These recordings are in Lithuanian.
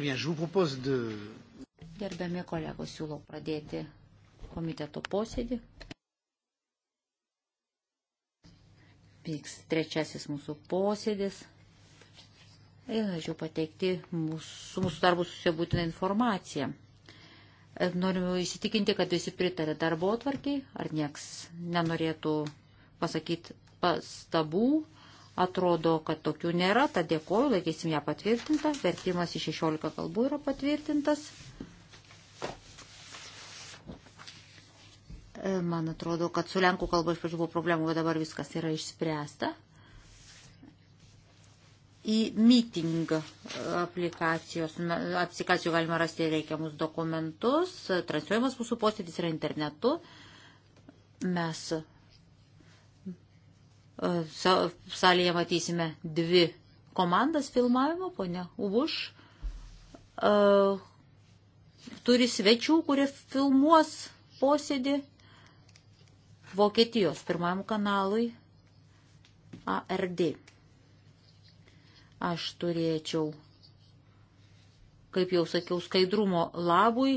bien, je vous propose de. Gerbiami kolegos, siūlau pradėti komiteto posėdį. Vyks trečiasis mūsų posėdis. Ir norėčiau pateikti mūsų, mūsų darbų susibūtiną informaciją. Norime įsitikinti, kad visi pritarė darbo atvarkiai, ar nieks nenorėtų pasakyti pastabų. Atrodo, kad tokių nėra, tad dėkoju, laikysim ją patvirtintą. Vertimas į 16 kalbų yra patvirtintas. E, man atrodo, kad su lenkų kalba iš pradžių buvo problemų, bet dabar viskas yra išspręsta. Į meeting aplikacijos, aplikacijų galima rasti reikiamus dokumentus, transliuojamas mūsų posėdis yra internetu. Mes Salėje matysime dvi komandas filmavimo, ponia Ubuš. E, turi svečių, kurie filmuos posėdį Vokietijos pirmajam kanalui ARD. Aš turėčiau, kaip jau sakiau, skaidrumo labui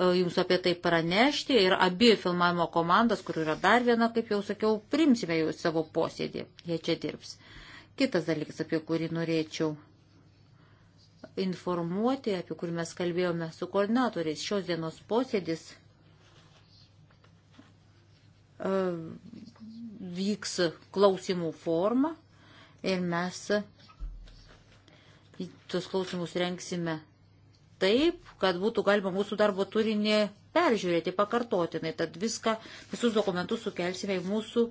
E, jums apie tai pranešti ir abi filmavimo komandas, kur yra dar viena, kaip jau sakiau, primsime jau savo posėdį, jie čia dirbs. Kitas dalykas, apie kurį norėčiau informuoti, apie kurį mes kalbėjome su koordinatoriais, šios dienos posėdis e, vyks klausimų forma ir mes tuos klausimus renksime taip, kad būtų galima mūsų darbo turinį peržiūrėti pakartotinai. Tad viską, visus dokumentus sukelsime į mūsų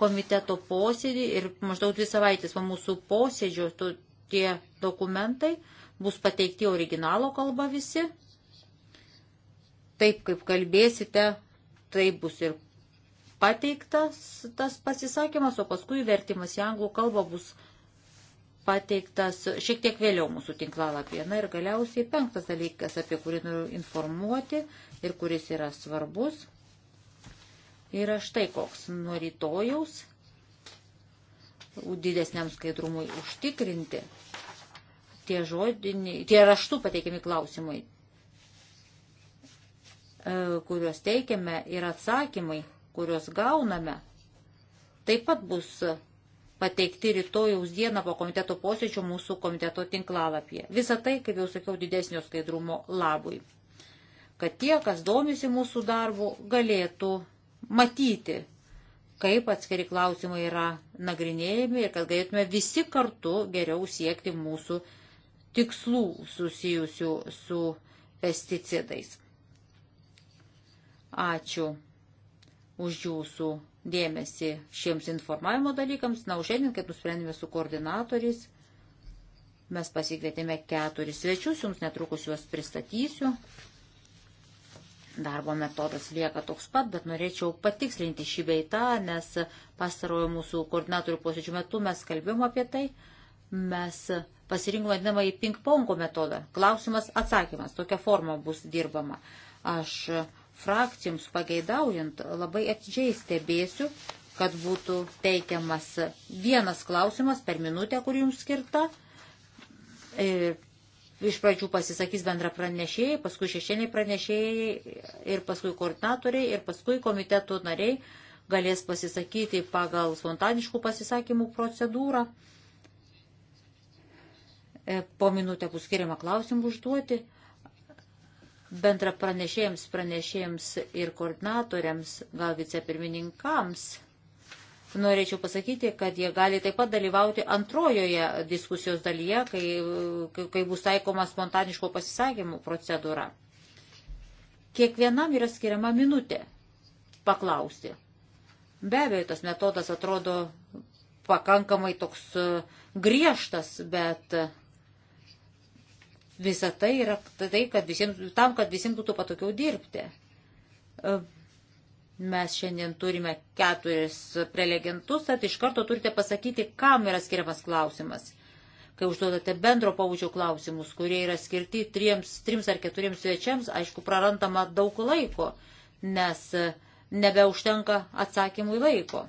komiteto posėdį ir maždaug dvi savaitės po mūsų posėdžio tu, tie dokumentai bus pateikti originalo kalba visi. Taip kaip kalbėsite, tai bus ir pateiktas tas pasisakymas, o paskui vertimas į anglų kalbą bus pateiktas šiek tiek vėliau mūsų tinklalapyje. Na ir galiausiai penktas dalykas, apie kurį noriu informuoti ir kuris yra svarbus, yra štai koks nuo rytojaus didesniam skaidrumui užtikrinti. Tie, žodini, tie raštų pateikiami klausimai, e, kuriuos teikiame ir atsakymai, kuriuos gauname, taip pat bus pateikti rytojaus dieną po komiteto posėdžio mūsų komiteto tinklalapyje. Visą tai, kaip jau sakiau, didesnio skaidrumo labui. Kad tie, kas domisi mūsų darbu, galėtų matyti, kaip atskiri klausimai yra nagrinėjami ir kad galėtume visi kartu geriau siekti mūsų tikslų susijusių su pesticidais. Ačiū už jūsų dėmesį šiems informavimo dalykams. Na, o šiandien, kaip nusprendėme su koordinatoriais, mes pasikvietėme keturis svečius, jums netrukus juos pristatysiu. Darbo metodas lieka toks pat, bet norėčiau patikslinti šį beitą, nes pastarojo mūsų koordinatorių posėdžių metu mes kalbėjom apie tai. Mes pasirinkome vadinamąjį ping-pongo metodą. Klausimas, atsakymas, tokia forma bus dirbama. Aš frakcijoms pageidaujant, labai atidžiai stebėsiu, kad būtų teikiamas vienas klausimas per minutę, kur jums skirta. Ir e, iš pradžių pasisakys bendra pranešėjai, paskui šešieniai pranešėjai ir paskui koordinatoriai ir paskui komitetų nariai galės pasisakyti pagal spontaniškų pasisakymų procedūrą. E, po minutę bus skiriama klausimų užduoti bendra pranešėjams, pranešėjams ir koordinatoriams, gal vicepirmininkams. Norėčiau pasakyti, kad jie gali taip pat dalyvauti antrojoje diskusijos dalyje, kai, kai bus taikoma spontaniško pasisakymų procedūra. Kiekvienam yra skiriama minutė paklausti. Be abejo, tas metodas atrodo pakankamai toks e, griežtas, bet Visa tai yra tai, kad visiems, tam, kad visiems būtų patogiau dirbti. E, mes šiandien turime keturis prelegentus, tad iš karto turite pasakyti, kam yra skiriamas klausimas. Kai užduodate bendro pavyzdžio klausimus, kurie yra skirti triems, trims ar keturiems svečiams, aišku, prarandama daug laiko, nes e, nebeužtenka atsakymui laiko.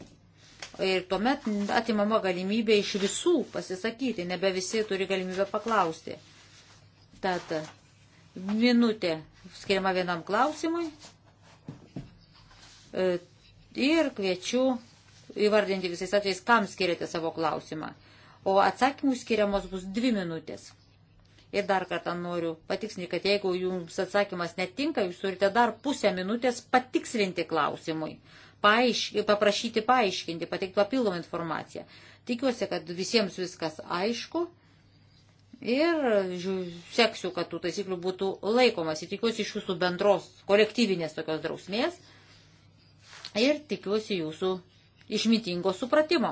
Ir tuomet atimama galimybė iš visų pasisakyti, nebe visi turi galimybę paklausti komitetą. Minutė skiriama vienam klausimui. E, ir kviečiu įvardinti visais atvejais, kam skiriate savo klausimą. O atsakymų skiriamos bus dvi minutės. Ir dar kartą noriu patikslinti, kad jeigu jums atsakymas netinka, jūs turite dar pusę minutės patikslinti klausimui, paaišk, paprašyti paaiškinti, pateikti papildomą informaciją. Tikiuosi, kad visiems viskas aišku. Ir seksiu, kad tų taisyklių būtų laikomasi. Tikiuosi iš jūsų bendros kolektyvinės tokios drausmės ir tikiuosi jūsų išmitingo supratimo.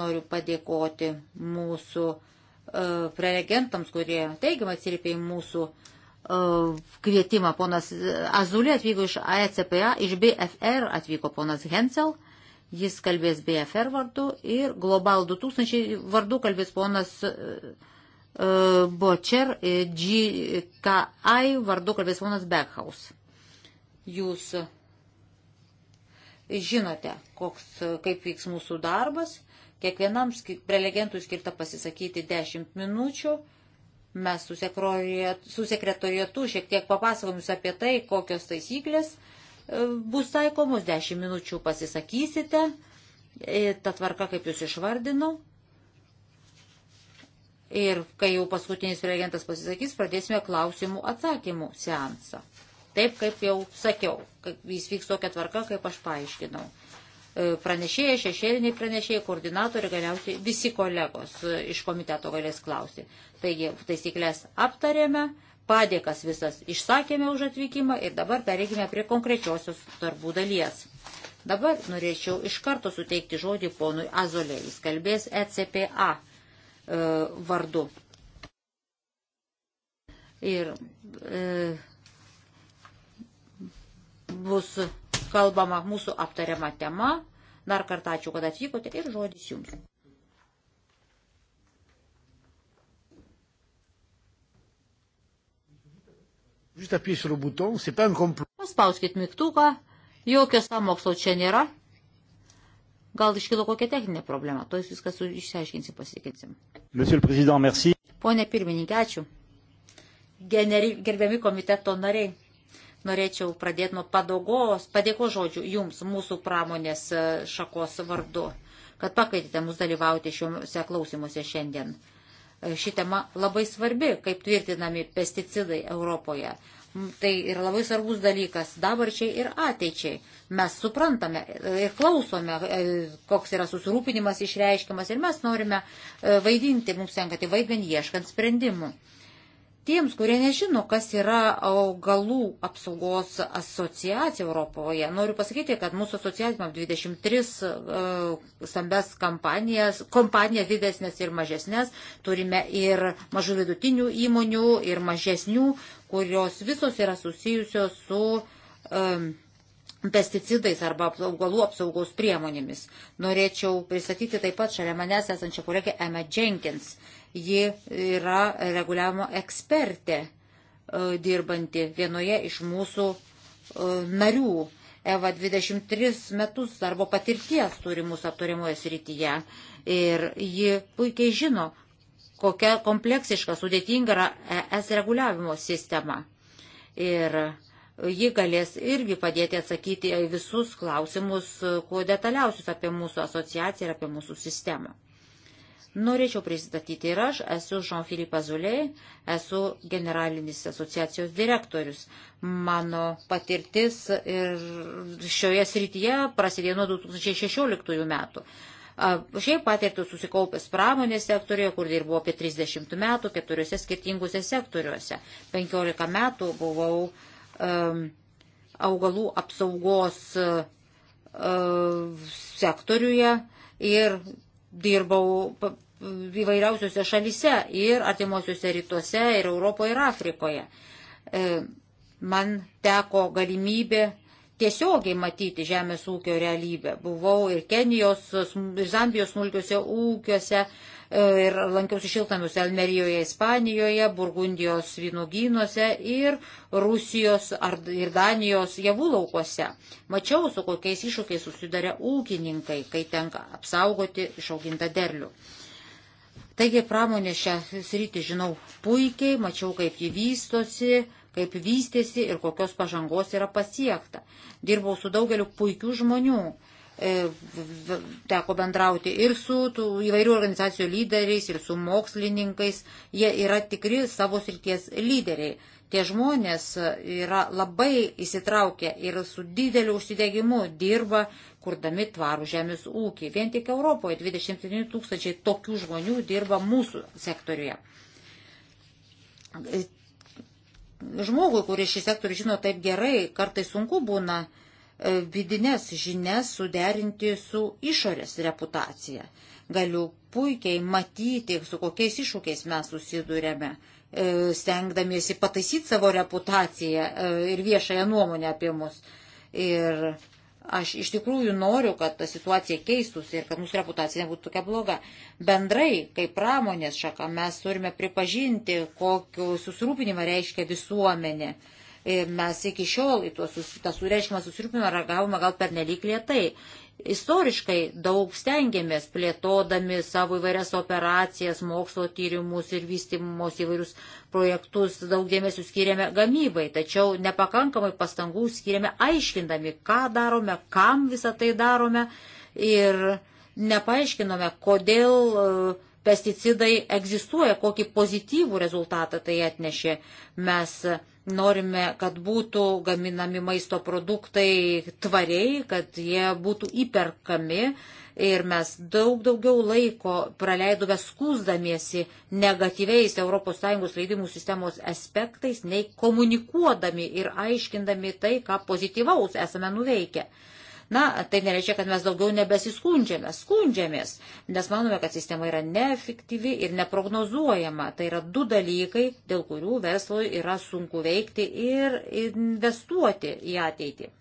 Noriu padėkoti mūsų uh, prelegentams, kurie teigiamai atsiliepė į mūsų uh, kvietimą. Ponas Azulė atvyko iš AECPA, e iš BFR atvyko ponas Hensel. Uh, Jis kalbės BFR vardu ir Global 2000 vardu kalbės ponas e, e, Bočer, e, GKI vardu kalbės ponas Beckhaus. Jūs žinote, koks, kaip vyks mūsų darbas. Kiekvienam prelegentui skirta pasisakyti 10 minučių. Mes su sekretorietu šiek tiek papasakom jūs apie tai, kokios taisyklės bus taikomos, 10 minučių pasisakysite, e, ta tvarka, kaip jūs išvardinau. Ir kai jau paskutinis reagentas pasisakys, pradėsime klausimų atsakymų seansą. Taip, kaip jau sakiau, jis vyks tokia tvarka, kaip aš paaiškinau. E, pranešėjai, šešėliniai pranešėjai, koordinatoriai, galiausiai visi kolegos e, iš komiteto galės klausyti. Taigi, taisyklės aptarėme padėkas visas išsakėme už atvykimą ir dabar pereikime prie konkrečiosios darbų dalies. Dabar norėčiau iš karto suteikti žodį ponui Azolė. Jis kalbės ECPA e, vardu. Ir e, bus kalbama mūsų aptariama tema. Dar kartą ačiū, kad atvykote ir žodis jums. Paspauskit mygtuką, jokio samokslo čia nėra. Gal iškilo kokia techninė problema, to jūs viskas išsiaiškinsim, pasitikinsim. Pone pirmininkė, ačiū. Generi, gerbiami komiteto nariai, norėčiau pradėti nuo padogos, padėko žodžių jums, mūsų pramonės e, šakos vardu, kad pakvietėte mus dalyvauti šiuose klausimuose šiandien ši tema labai svarbi, kaip tvirtinami pesticidai Europoje. Tai yra labai svarbus dalykas dabarčiai ir ateičiai. Mes suprantame ir klausome, e, koks yra susirūpinimas išreiškiamas ir mes norime e, vaidinti mums tenkantį tai vaidmenį ieškant sprendimų tiems, kurie nežino, kas yra augalų apsaugos asociacija Europoje, noriu pasakyti, kad mūsų asociacija 23 uh, stambes kompanijas, kompanijas didesnės ir mažesnės, turime ir mažų vidutinių įmonių, ir mažesnių, kurios visos yra susijusios su um, pesticidais arba augalų apsaugos priemonėmis. Norėčiau pristatyti taip pat šalia manęs esančią kolegę Emma Jenkins. Uh, Ji yra reguliavimo ekspertė e, dirbanti vienoje iš mūsų e, narių. Eva 23 metus darbo patirties turi mūsų aptariamoje srityje ir ji puikiai žino, kokia kompleksiška, sudėtinga yra ES reguliavimo sistema. Ir ji galės irgi padėti atsakyti visus klausimus, e, kuo detaliausius apie mūsų asociaciją ir apie mūsų sistemą. Norėčiau pristatyti ir aš, esu Jean-Philippe Azulė, esu generalinis asociacijos direktorius. Mano patirtis ir šioje srityje prasidėjo nuo 2016 metų. Šiaip patirtų susikaupęs pramonės sektorijoje, kur dirbau apie 30 metų, keturiuose skirtinguose sektoriuose. 15 metų buvau um, augalų apsaugos uh, um, sektoriuje ir dirbau įvairiausiose šalise ir artimuosiuose rytuose, ir Europoje, ir Afrikoje. E, man teko galimybė tiesiogiai matyti žemės ūkio realybę. Buvau ir Kenijos, ir Zambijos smulkiuose ūkiuose, e, ir lankiausi šiltamiuose Almerijoje, Ispanijoje, Burgundijos vynogynuose ir Rusijos ar, ir Danijos javų laukuose. Mačiau, su kokiais iššūkiais susiduria ūkininkai, kai tenka apsaugoti išaugintą derlių. Taigi pramonė šią sritį žinau puikiai, mačiau, kaip ji vystosi, kaip vystėsi ir kokios pažangos yra pasiekta. Dirbau su daugeliu puikių žmonių. E, teko bendrauti ir su tų įvairių organizacijų lyderiais, ir su mokslininkais. Jie yra tikri savo srities lyderiai. Tie žmonės yra labai įsitraukę ir su dideliu užsidegimu dirba, kurdami tvarų žemės ūkį. Vien tik Europoje 27 tūkstančiai tokių žmonių dirba mūsų sektoriuje. Žmogui, kuris šį sektorių žino taip gerai, kartai sunku būna e, vidinės žinias suderinti su išorės reputacija. Galiu puikiai matyti, su kokiais iššūkiais mes susidurėme. E, stengdamiesi pataisyti savo reputaciją e, ir viešąją nuomonę apie mus. Ir aš iš tikrųjų noriu, kad ta situacija keistųsi ir kad mūsų reputacija nebūtų tokia bloga. Bendrai, kaip pramonės šaka, mes turime pripažinti, kokiu susirūpinimą reiškia visuomenė. Ir mes iki šiol į tuos, tą sureiškimą susirūpinimą ragavome gal per nelik lietai istoriškai daug stengiamės plėtodami savo įvairias operacijas, mokslo tyrimus ir vystimus įvairius projektus, daug dėmesio skiriame gamybai, tačiau nepakankamai pastangų skiriame aiškindami, ką darome, kam visą tai darome ir nepaaiškinome, kodėl e, pesticidai egzistuoja, kokį pozityvų rezultatą tai atnešė. Mes uh, Norime, kad būtų gaminami maisto produktai tvariai, kad jie būtų įperkami ir mes daug daugiau laiko praleidome skūsdamiesi negatyviais ES leidimų sistemos aspektais, nei komunikuodami ir aiškindami tai, ką pozityvaus esame nuveikę. Na, tai nereiškia, kad mes daugiau nebesiskundžiame, skundžiamės, nes manome, kad sistema yra neefektyvi ir neprognozuojama. Tai yra du dalykai, dėl kurių verslui yra sunku veikti ir investuoti į ateitį.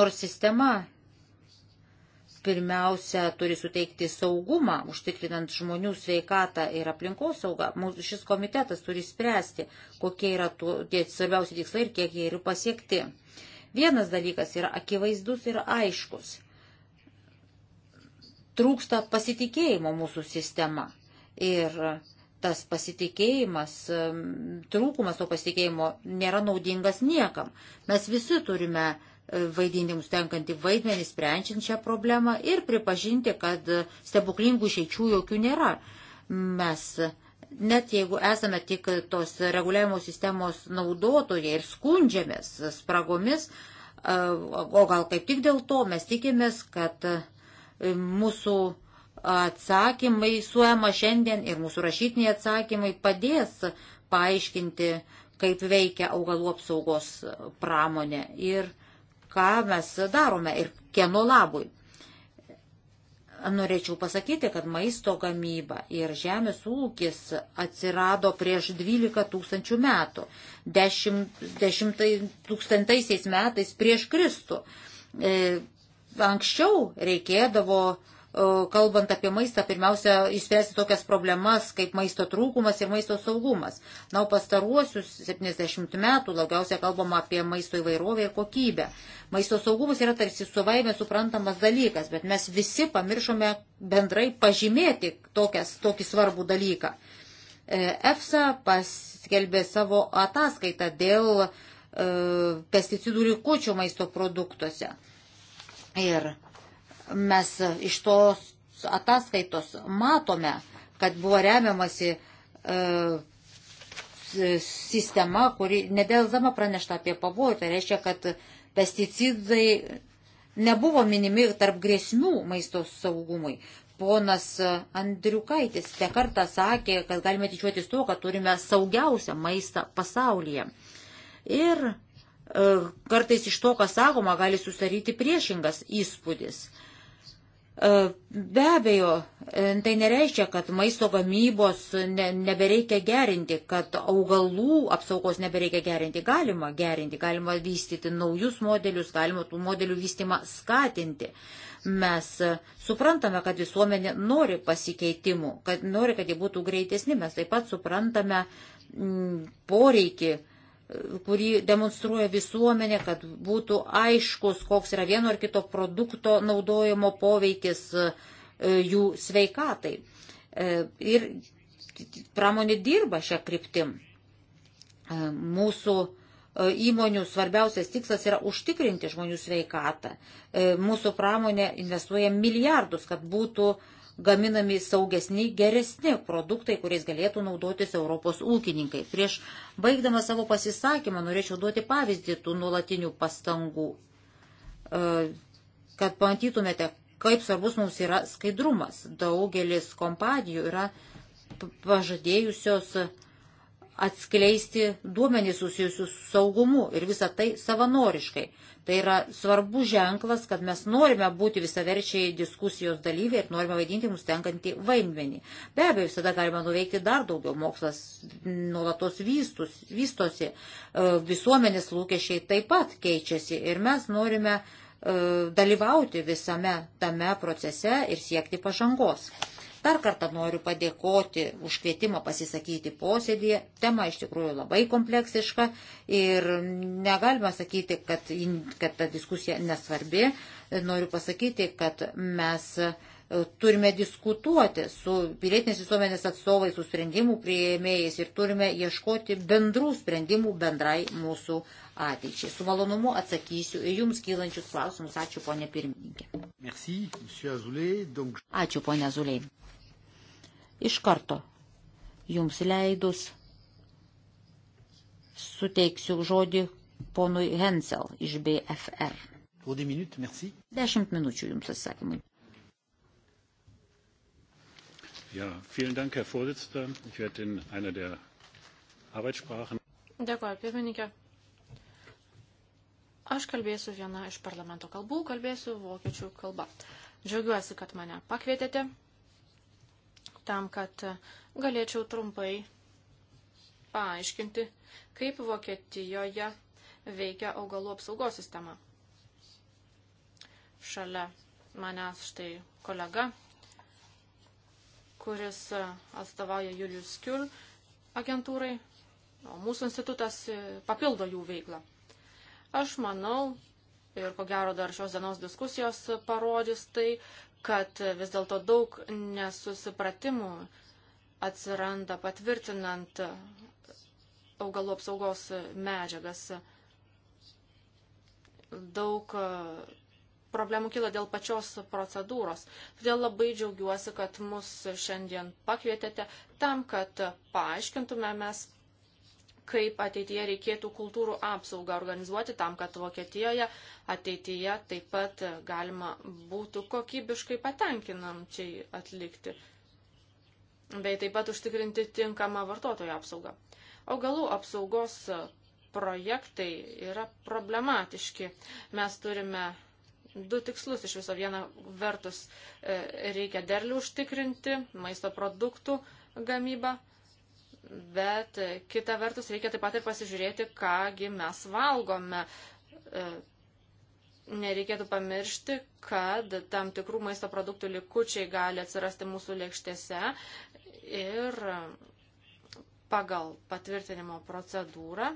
Nors sistema pirmiausia turi suteikti saugumą, užtikrinant žmonių sveikatą ir aplinkos saugą. Mūsų šis komitetas turi spręsti, kokie yra tų, tie svarbiausi tikslai ir kiek jie yra pasiekti. Vienas dalykas yra akivaizdus ir aiškus. Trūksta pasitikėjimo mūsų sistema. Ir tas pasitikėjimas, trūkumas to pasitikėjimo nėra naudingas niekam. Mes visi turime uh, vaidinti mums tenkantį vaidmenį, sprendžiant šią problemą ir pripažinti, kad stebuklingų išeičių jokių nėra. Mes, net jeigu esame tik tos reguliavimo sistemos naudotojai ir skundžiamės spragomis, o gal kaip tik dėl to mes tikimės, kad mūsų atsakymai suema šiandien ir mūsų rašytiniai atsakymai padės paaiškinti, kaip veikia augalų apsaugos pramonė. Ir ką mes darome ir kieno labui. Norėčiau pasakyti, kad maisto gamyba ir žemės ūkis atsirado prieš 12 tūkstančių metų, 10, 10 tūkstantaisiais metais prieš Kristų. E, anksčiau reikėdavo e, kalbant apie maistą, pirmiausia, išspręsti tokias problemas kaip maisto trūkumas ir maisto saugumas. Na, o pastaruosius 70 metų daugiausia kalbama apie maisto įvairovę ir kokybę. Maisto saugumas yra tarsi suvaime suprantamas dalykas, bet mes visi pamiršome bendrai pažymėti tokias, tokį svarbų dalyką. E, EFSA paskelbė savo ataskaitą dėl e, pesticidų likučių maisto produktuose. Ir Mes iš tos ataskaitos matome, kad buvo remiamasi e, sistema, kuri nedėlzama pranešta apie pavojų. Tai reiškia, kad pesticidai nebuvo minimi tarp grėsmių maisto saugumui. Ponas Andriukaitis te kartą sakė, kad galime didžiuotis tuo, kad turime saugiausią maistą pasaulyje. Ir e, kartais iš to, kas sakoma, gali susaryti priešingas įspūdis. E, E, be abejo, e, tai nereiškia, kad maisto gamybos ne, nebereikia gerinti, kad augalų apsaugos nebereikia gerinti. Galima gerinti, galima vystyti naujus modelius, galima tų modelių vystimą skatinti. Mes e, suprantame, kad visuomenė nori pasikeitimų, kad nori, kad jie būtų greitesni. Mes taip pat suprantame m, poreikį kurį demonstruoja visuomenė, kad būtų aiškus, koks yra vieno ar kito produkto naudojimo poveikis e, jų sveikatai. E, ir pramonė dirba šią kryptim. E, mūsų įmonių svarbiausias tikslas yra užtikrinti žmonių sveikatą. Mūsų pramonė investuoja milijardus, kad būtų gaminami saugesni, geresni produktai, kuriais galėtų naudotis Europos ūkininkai. Prieš baigdama savo pasisakymą norėčiau duoti pavyzdį tų nuolatinių pastangų, e, kad pamatytumėte, kaip svarbus mums yra skaidrumas. Daugelis kompanijų yra pažadėjusios atskleisti duomenys susijusius su saugumu ir visą tai savanoriškai. Tai yra svarbu ženklas, kad mes norime būti visaverčiai diskusijos dalyviai ir norime vaidinti mums tenkantį vaidmenį. Be abejo, visada galima nuveikti dar daugiau. Mokslas nuolatos vystus, vystosi, e, visuomenės lūkesčiai taip pat keičiasi ir mes norime e, dalyvauti visame tame procese ir siekti pažangos. Dar kartą noriu padėkoti už kvietimą pasisakyti posėdėje. Tema iš tikrųjų labai kompleksiška ir negalima sakyti, kad, kad ta diskusija nesvarbi. Noriu pasakyti, kad mes e, turime diskutuoti su pilietinės visuomenės atstovais, su sprendimų prieėmėjais ir turime ieškoti bendrų sprendimų bendrai mūsų ateičiai. Su malonumu atsakysiu į Jums kylančius klausimus. Ačiū, ponė pirmininkė. Merci, Azulė, donc... Ačiū, ponė Azulė iš karto jums leidus suteiksiu žodį ponui Hensel iš BFR. Dešimt minučių jums atsakymai. Ja, vielen Dank, Herr Vorsitzender. Ich werde in einer der Arbeitssprachen. Dėkuoju, pirmininkė. Aš kalbėsiu vieną iš parlamento kalbų, kalbėsiu vokiečių kalba. Džiaugiuosi, kad mane pakvietėte tam, kad galėčiau trumpai paaiškinti, kaip Vokietijoje veikia augalų apsaugos sistema. Šalia manęs štai kolega, kuris atstovauja Julius Kiul agentūrai, o mūsų institutas papildo jų veiklą. Aš manau, ir ko gero dar šios dienos diskusijos parodys tai, kad vis dėlto daug nesusipratimų atsiranda patvirtinant augalų apsaugos medžiagas. Daug e, problemų kyla dėl pačios procedūros. Todėl labai džiaugiuosi, kad mus šiandien pakvietėte tam, kad paaiškintume mes kaip ateityje reikėtų kultūrų apsaugą organizuoti tam, kad Vokietijoje ateityje taip pat galima būtų kokybiškai patenkinamčiai atlikti, bei taip pat užtikrinti tinkamą vartotojo apsaugą. Augalų apsaugos projektai yra problematiški. Mes turime du tikslus iš viso. Viena vertus e, reikia derlių užtikrinti, maisto produktų gamybą Bet kita vertus reikia taip pat ir pasižiūrėti, kągi mes valgome. E, nereikėtų pamiršti, kad tam tikrų maisto produktų likučiai gali atsirasti mūsų lėkštėse ir pagal patvirtinimo procedūrą,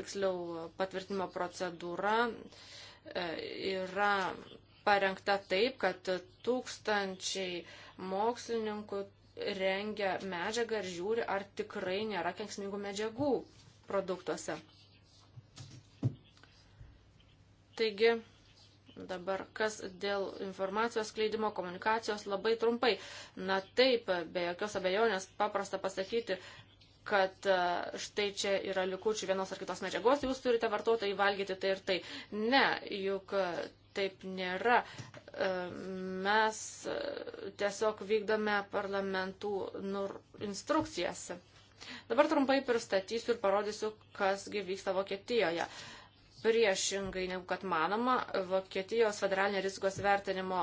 tiksliau patvirtinimo procedūra e, yra parengta taip, kad tūkstančiai mokslininkų, rengia medžiagą ir žiūri, ar tikrai nėra kenksmingų medžiagų produktuose. Taigi, dabar kas dėl informacijos kleidimo komunikacijos labai trumpai. Na taip, be jokios abejonės paprasta pasakyti, kad e, štai čia yra likučių vienos ar kitos medžiagos, jūs turite vartotojai valgyti tai ir tai. Ne, juk taip nėra. E, mes e, tiesiog vykdome parlamentų instrukcijas. Dabar trumpai pristatysiu ir parodysiu, kasgi vyksta Vokietijoje. Priešingai negu kad manoma, Vokietijos federalinė rizikos vertinimo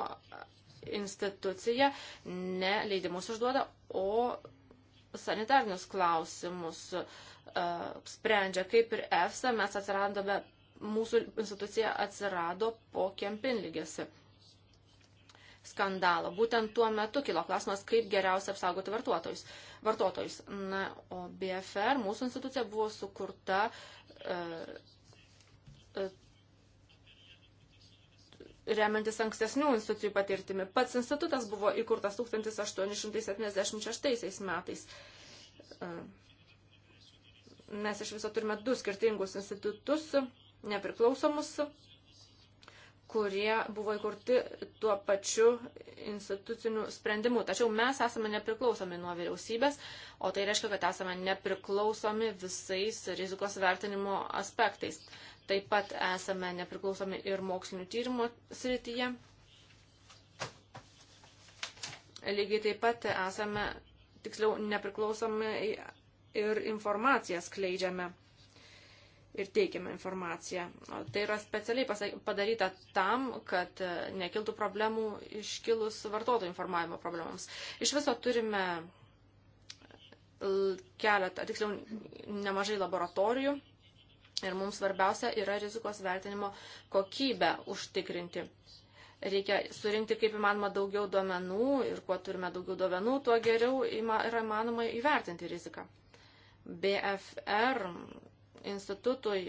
institucija ne leidimus užduoda, o sanitarnius klausimus uh, sprendžia. Kaip ir EFSA mes atsirandome mūsų institucija atsirado po kempinlygės skandalo. Būtent tuo metu kilo klausimas, kaip geriausia apsaugoti vartotojus. vartotojus. Na, o BFR, mūsų institucija, buvo sukurta e, e, remiantis ankstesnių institucijų patirtimi. Pats institutas buvo įkurtas 1876 metais. E, mes iš viso turime du skirtingus institutus nepriklausomus, kurie buvo įkurti tuo pačiu instituciniu sprendimu. Tačiau mes esame nepriklausomi nuo vyriausybės, o tai reiškia, kad esame nepriklausomi visais rizikos vertinimo aspektais. Taip pat esame nepriklausomi ir mokslinių tyrimų srityje. Lygiai taip pat esame, tiksliau, nepriklausomi ir informaciją skleidžiame ir teikiame informaciją. O tai yra specialiai padaryta tam, kad e, nekiltų problemų iškilus vartotojų informavimo problemams. Iš viso turime e, keletą, tiksliau nemažai laboratorijų ir mums svarbiausia yra rizikos vertinimo kokybę užtikrinti. Reikia surinkti kaip įmanoma daugiau duomenų ir kuo turime daugiau duomenų, tuo geriau yra įmanoma įvertinti riziką. BFR institutui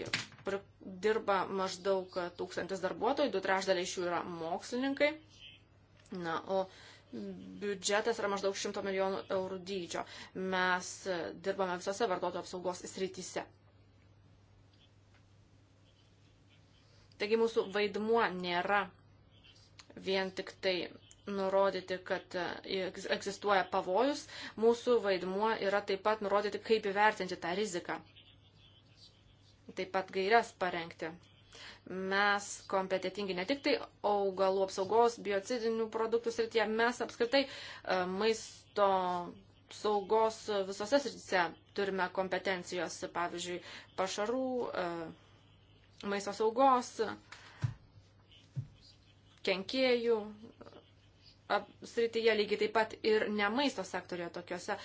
dirba maždaug tūkstantis darbuotojų, du trešdaliai iš jų yra mokslininkai. Na, o biudžetas yra maždaug 100 milijonų eurų dydžio. Mes dirbame visose vartotojų apsaugos srityse. Taigi mūsų vaidmuo nėra vien tik tai nurodyti, kad egzistuoja pavojus, mūsų vaidmuo yra taip pat nurodyti, kaip įvertinti tą riziką taip pat gairias parengti. Mes kompetitingi ne tik tai augalų apsaugos, biocidinių produktų srityje, mes apskritai e, maisto saugos visose srityse turime kompetencijos, pavyzdžiui, pašarų, e, maisto saugos, kenkėjų srityje, lygiai taip pat ir ne maisto sektorėje, tokiuose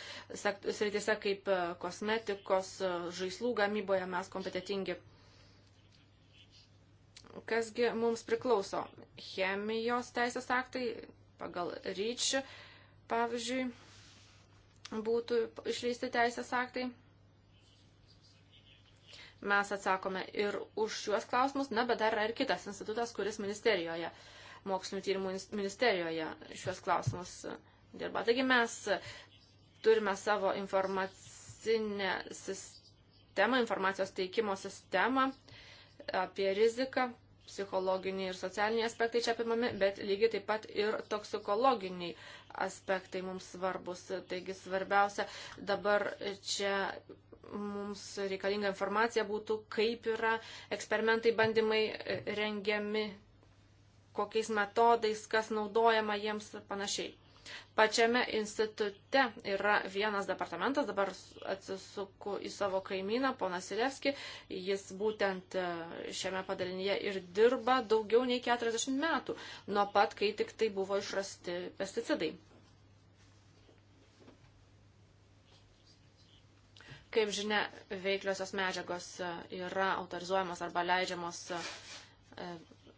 srityse kaip e, kosmetikos, e, žaislų gamyboje mes kompetitingi. Kasgi mums priklauso? Chemijos teisės aktai pagal ryčių, pavyzdžiui, būtų išleisti teisės aktai. Mes atsakome ir už šiuos klausimus, na, bet dar yra ir kitas institutas, kuris ministerijoje uh, mokslinio tyrimų ministerijoje šios klausimus e, dirba. Taigi mes e, turime savo informacinę sistemą, informacijos teikimo sistemą e, apie riziką, psichologiniai ir socialiniai aspektai čia apimami, bet lygiai taip pat ir toksikologiniai aspektai mums svarbus. Taigi svarbiausia dabar čia mums reikalinga informacija būtų, kaip yra eksperimentai bandymai rengiami, kokiais metodais, kas naudojama jiems ir panašiai. Pačiame institute yra vienas departamentas, dabar atsisuku į savo kaimyną, ponas Silevski, jis būtent e, šiame padalinyje ir dirba daugiau nei 40 metų, nuo pat, kai tik tai buvo išrasti pesticidai. Kaip žinia, veikliosios medžiagos e, yra autorizuojamos arba leidžiamos e,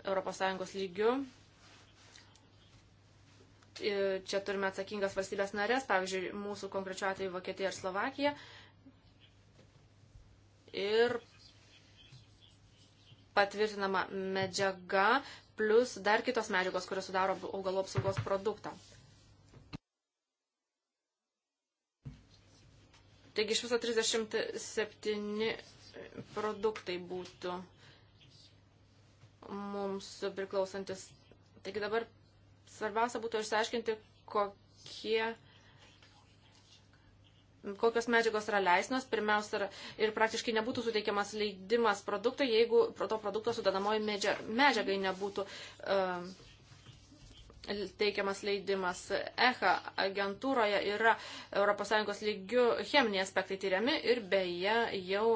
ES lygių. Čia turime atsakingas valstybės narės, pavyzdžiui, mūsų konkrečiu atveju Vokietija ir Slovakija. Ir patvirtinama medžiaga, plus dar kitos medžiagos, kurios sudaro augalų apsaugos produktą. Taigi iš viso 37 produktai būtų mums priklausantis. Taigi dabar svarbiausia būtų išsiaiškinti, kokie, kokios medžiagos yra leisnos. Pirmiausia, yra, ir praktiškai nebūtų suteikiamas leidimas produktui, jeigu to produkto sudedamoji medžiagai nebūtų uh, teikiamas leidimas. EHA agentūroje yra ES lygių cheminiai aspektai tyriami ir beje jau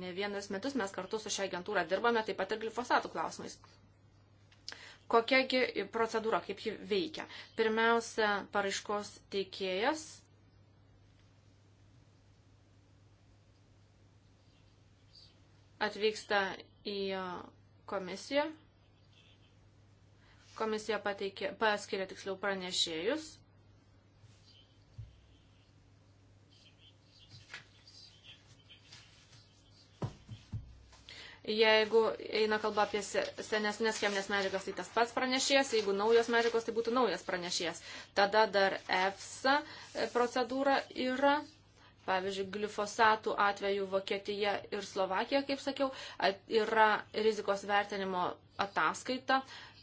ne vienus metus mes kartu su šia agentūra dirbame taip pat ir glifosatų klausimais. Kokiagi procedūra, kaip ji veikia? Pirmiausia, paraiškos teikėjas. Atvyksta į komisiją Komisija pateikė, paskiria tiksliau pranešėjus. Jeigu eina kalba apie senesnės cheminės medžiagas, tai tas pats pranešėjas, jeigu naujos medžiagos, tai būtų naujas pranešėjas. Tada dar EFSA procedūra yra pavyzdžiui, glifosatų atveju Vokietija ir Slovakija, kaip sakiau, yra rizikos vertinimo ataskaita,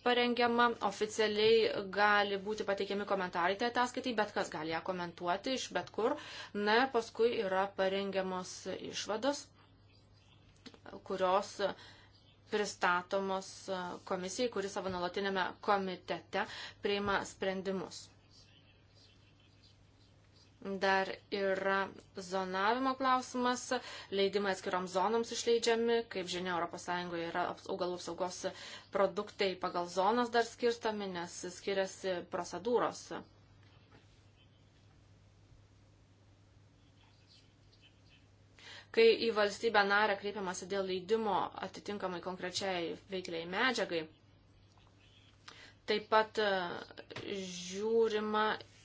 parengiama, oficialiai gali būti pateikiami komentarai tai ataskaitai, bet kas gali ją komentuoti iš bet kur. Na ir paskui yra parengiamos išvados, kurios pristatomos komisijai, kuri savo nuolatinėme komitete priima sprendimus. Dar yra zonavimo klausimas, leidimai atskiroms zonoms išleidžiami, kaip žinia, ES yra augalų apsaugos produktai pagal zonas dar skirstami, nes skiriasi procedūros. Kai į valstybę narę kreipiamasi dėl leidimo atitinkamai konkrečiai veikliai medžiagai, Taip pat e, žiūrima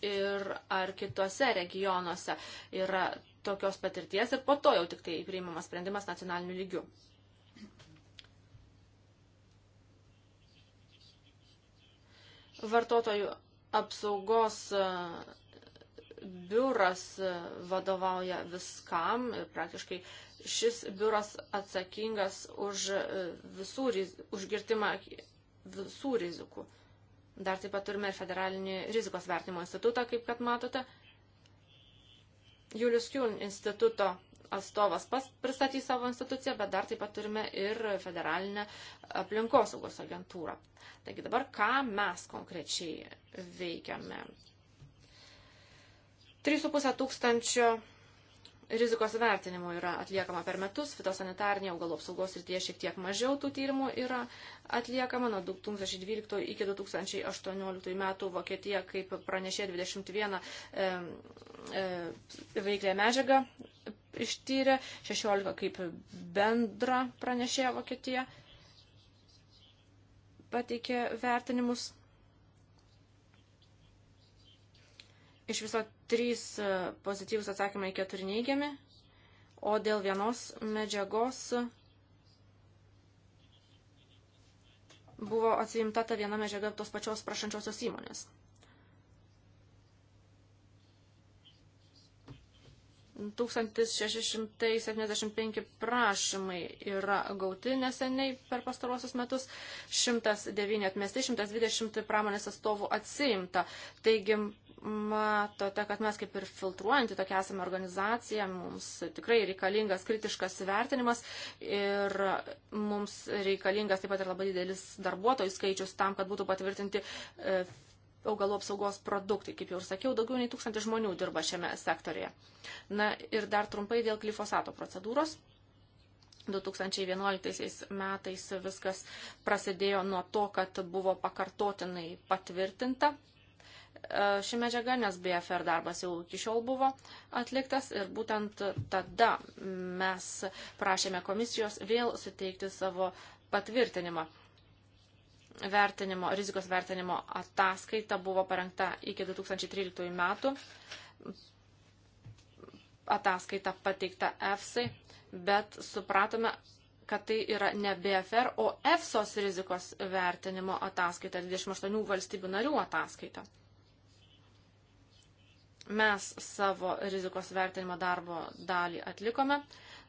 ir ar kitose regionuose yra tokios patirties ir po to jau tik tai priimamas sprendimas nacionaliniu lygiu. Vartotojų apsaugos e, biuras e, vadovauja viskam ir praktiškai šis biuras atsakingas už, visų, už girtimą visų rizikų. Dar taip pat turime ir federalinį rizikos vertimo institutą, kaip kad matote. Julius Kuhn instituto atstovas pas pristatys savo instituciją, bet dar taip pat turime ir federalinę aplinkosaugos agentūrą. Taigi dabar, ką mes konkrečiai veikiame? 3,5 tūkstančio rizikos vertinimų yra atliekama per metus, fitosanitarnė augalų apsaugos rytyje šiek tiek mažiau tų tyrimų yra atliekama nuo 2012 iki 2018 metų Vokietija kaip pranešė 21 e, e, veiklę medžiagą ištyrė, 16 kaip bendra pranešė Vokietija pateikė vertinimus. Iš viso trys e, pozityvus atsakymai, keturi neigiami, o dėl vienos medžiagos buvo atsiimta ta viena medžiaga tos pačios prašančiosios įmonės. 1675 prašymai yra gauti neseniai per pastaruosius metus, 109 atmesti, 120 pramonės atstovų atsiimta. Taigi, matote, kad mes kaip ir filtruojantį tokia esame organizacija, mums tikrai reikalingas kritiškas vertinimas ir mums reikalingas taip pat ir labai didelis darbuotojų skaičius tam, kad būtų patvirtinti e, augalų apsaugos produktai. Kaip jau ir sakiau, daugiau nei tūkstantį žmonių dirba šiame sektorėje. Na ir dar trumpai dėl glifosato procedūros. 2011 metais viskas prasidėjo nuo to, kad buvo pakartotinai patvirtinta e, ši medžiaga, nes BFR darbas jau iki šiol buvo atliktas ir būtent tada mes prašėme komisijos vėl suteikti savo patvirtinimą vertinimo, rizikos vertinimo ataskaita buvo parengta iki 2013 metų. Ataskaita pateikta EFSAI, bet supratome, kad tai yra ne BFR, o EFSOS rizikos vertinimo ataskaita, 28 valstybių narių ataskaita. Mes savo rizikos vertinimo darbo dalį atlikome